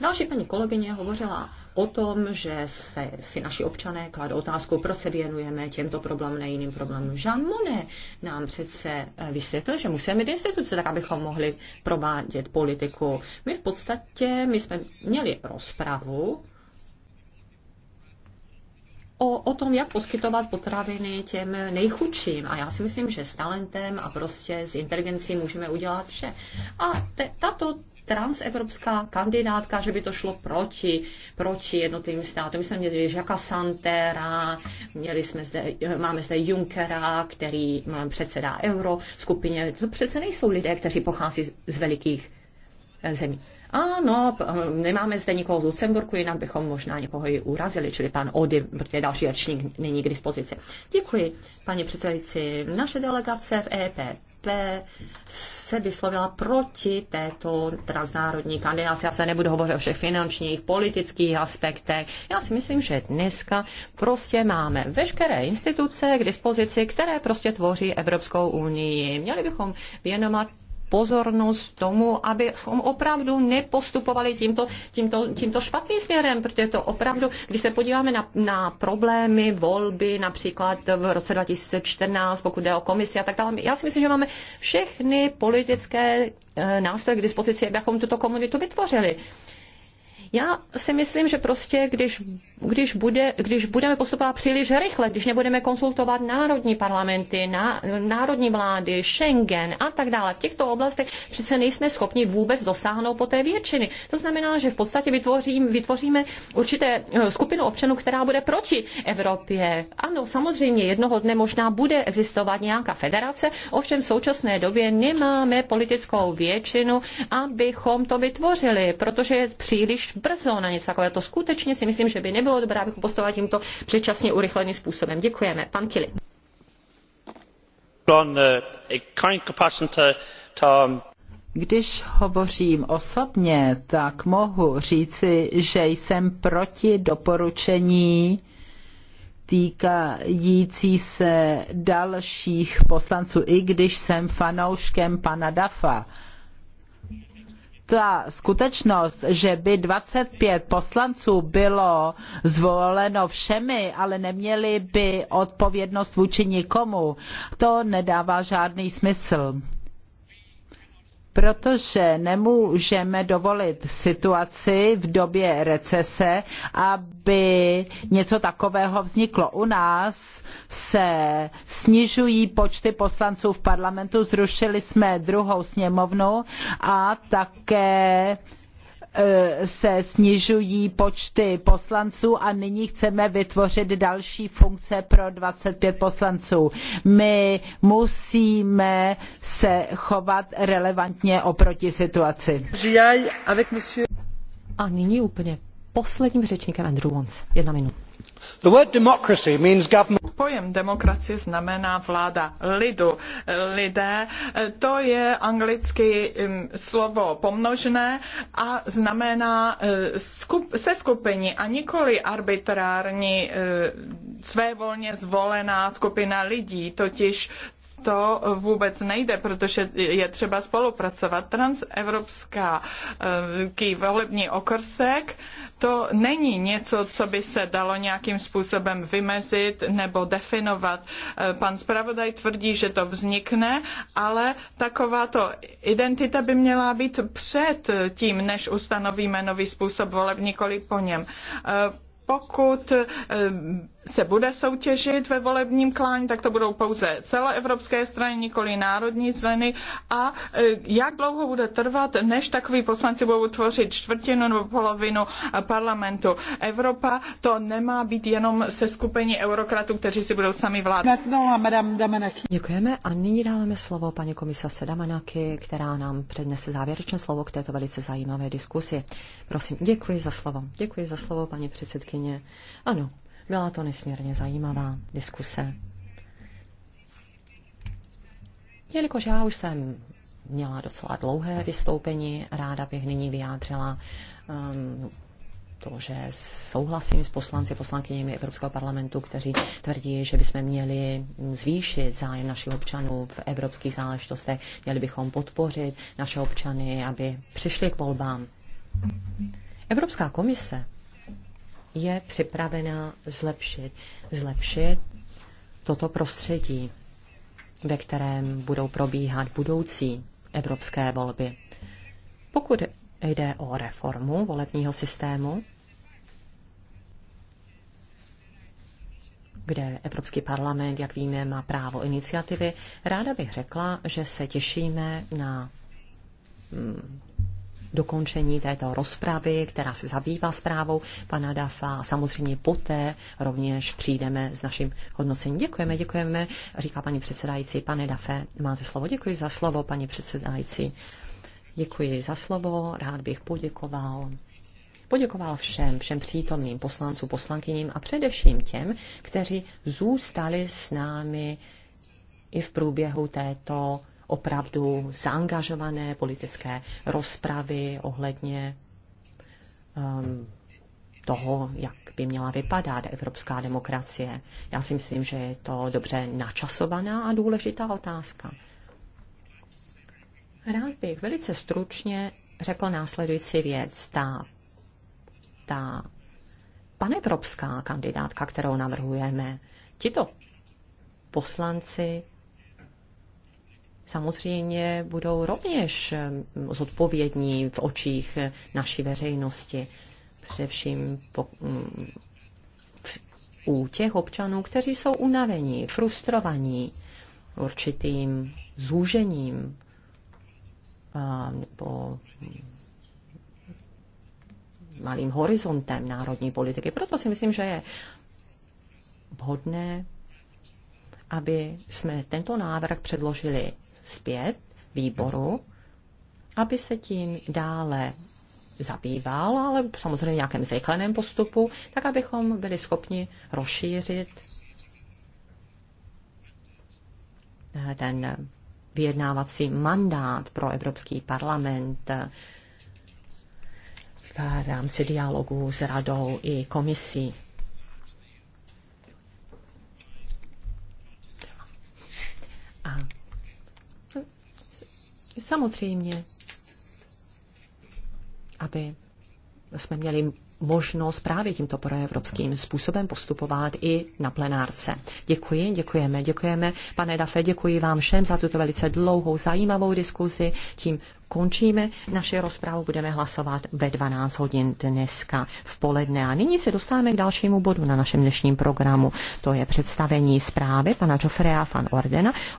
Další paní kolegyně hovořila o tom, že se, si naši občané kladou otázku, proč se věnujeme těmto problémům, ne jiným problémům. Jean Monnet nám přece eh, vysvětlil, že musíme mít instituce, tak abychom mohli provádět politiku. My v podstatě, my jsme měli rozpravu o, o tom, jak poskytovat potraviny těm nejchudším. A já si myslím, že s talentem a prostě s inteligencí můžeme udělat vše. A te, tato transevropská kandidátka, že by to šlo proti, proti jednotlivým státům. My jsme měli Žaka Santera, měli jsme zde, máme zde Junckera, který předsedá euro skupině. To přece nejsou lidé, kteří pochází z, z velikých zemí. Ano, nemáme zde nikoho z Lucemburku, jinak bychom možná někoho i urazili, čili pan Ody, protože další ročník není k dispozici. Děkuji, paní předsedající. Naše delegace v EPP se vyslovila proti této transnárodní kandidaci. Já se nebudu hovořit o všech finančních, politických aspektech. Já si myslím, že dneska prostě máme veškeré instituce k dispozici, které prostě tvoří Evropskou unii. Měli bychom věnovat pozornost tomu, abychom opravdu nepostupovali tímto, tímto, tímto špatným směrem, protože to opravdu, když se podíváme na, na problémy volby, například v roce 2014, pokud jde o komisi a tak dále, já si myslím, že máme všechny politické eh, nástroje k dispozici, abychom tuto komunitu vytvořili. Já si myslím, že prostě, když, když, bude, když budeme postupovat příliš rychle, když nebudeme konsultovat národní parlamenty, na, národní vlády, Schengen a tak dále, v těchto oblastech přece nejsme schopni vůbec dosáhnout po té většiny. To znamená, že v podstatě vytvořím, vytvoříme určité eh, skupinu občanů, která bude proti Evropě. Ano, samozřejmě jednoho dne možná bude existovat nějaká federace, ovšem v současné době nemáme politickou většinu, abychom to vytvořili, protože je příliš brzo na něco takového. To skutečně si myslím, že by nebylo dobré, abychom postovali tímto předčasně urychleným způsobem. Děkujeme. Pan Kili. Eh, když hovořím osobně, tak mohu říci, že jsem proti doporučení týkající se dalších poslanců, i když jsem fanouškem pana Dafa ta skutečnost, že by 25 poslanců bylo zvoleno všemi, ale neměli by odpovědnost vůči nikomu, to nedává žádný smysl protože nemůžeme dovolit situaci v době recese, aby něco takového vzniklo. U nás se snižují počty poslanců v parlamentu, zrušili jsme druhou sněmovnu a také Eh, se snižují počty poslanců a nyní chceme vytvořit další funkce pro 25 poslanců. My musíme se chovat relevantně oproti situaci. A nyní úplně posledním řečníkem Andrew Wons. Jedna minuta. Pojem demokracie znamená vláda lidu. Lidé, to je anglicky slovo pomnožné a znamená eh, skup, seskupení a nikoli arbitrární eh, svévolně zvolená skupina lidí, totiž to vůbec nejde, protože je třeba spolupracovat. Transevropská eh, volební okrsek, to není něco, co by se dalo nějakým způsobem vymezit nebo definovat. Eh, pan zpravodaj tvrdí, že to vznikne, ale takováto identita by měla být před tím, než ustanovíme nový způsob voleb, nikoli po něm. Eh, pokud se bude soutěžit ve volebním klání, tak to budou pouze celoevropské strany, nikoli národní strany. A e, jak dlouho bude trvat, než takový poslanci budou tvořit čtvrtinu nebo polovinu e, parlamentu? Evropa to nemá být jenom se skupení eurokratů, kteří si budou sami vládnout. Děkujeme a nyní dáváme slovo paní komisařce Damanaky, která nám přednese závěrečné slovo k této velice zajímavé diskusi. Prosím, děkuji za slovo. Děkuji za slovo, paní předsedkyně. Ano, byla to nesmírně zajímavá diskuse. Jelikož já už jsem měla docela dlouhé vystoupení, ráda bych nyní vyjádřila um, to, že souhlasím s poslanci, poslankyněmi Evropského parlamentu, kteří tvrdí, že bychom měli zvýšit zájem našich občanů v evropských záležitostech, měli bychom podpořit naše občany, aby přišli k volbám. Evropská komise je připravená zlepšit. Zlepšit toto prostředí, ve kterém budou probíhat budoucí evropské volby. Pokud jde o reformu volebního systému, kde Evropský parlament, jak víme, má právo iniciativy, ráda bych řekla, že se těšíme na mm, dokončení této rozpravy, která se zabývá zprávou pana Dafa. A samozřejmě poté rovněž přijdeme s naším hodnocením. Děkujeme, děkujeme, říká paní předsedající. Pane Dafe, máte slovo. Děkuji za slovo, paní předsedající. Děkuji za slovo, rád bych poděkoval. Poděkoval všem, všem přítomným poslancům, poslankyním a především těm, kteří zůstali s námi i v průběhu této opravdu zaangažované politické rozpravy ohledně um, toho, jak by měla vypadat evropská demokracie. Já si myslím, že je to dobře načasovaná a důležitá otázka. Rád bych velice stručně řekl následující věc. Ta, ta panevropská kandidátka, kterou navrhujeme, tito poslanci samozřejmě budou rovněž eh, zodpovědní v očích naší veřejnosti. Především po, mm, u těch občanů, kteří jsou unavení, frustrovaní určitým zúžením a, nebo mm, malým horizontem národní politiky. Proto si myslím, že je vhodné, aby jsme tento návrh předložili zpět výboru, aby se tím dále zabýval, ale samozřejmě v nějakém zrychleném postupu, tak abychom byli schopni rozšířit eh, ten vyjednávací mandát pro Evropský parlament eh, v rámci dialogu s radou i komisí. A Samozřejmě, aby jsme měli možnost právě tímto proevropským způsobem postupovat i na plenárce. Děkuji, děkujeme, děkujeme. Pane Dafe, děkuji vám všem za tuto velice dlouhou, zajímavou diskuzi. Tím končíme naše rozprávu, budeme hlasovat ve 12 hodin dneska v poledne. A nyní se dostáváme k dalšímu bodu na našem dnešním programu. To je představení zprávy pana Joffrea van Ordena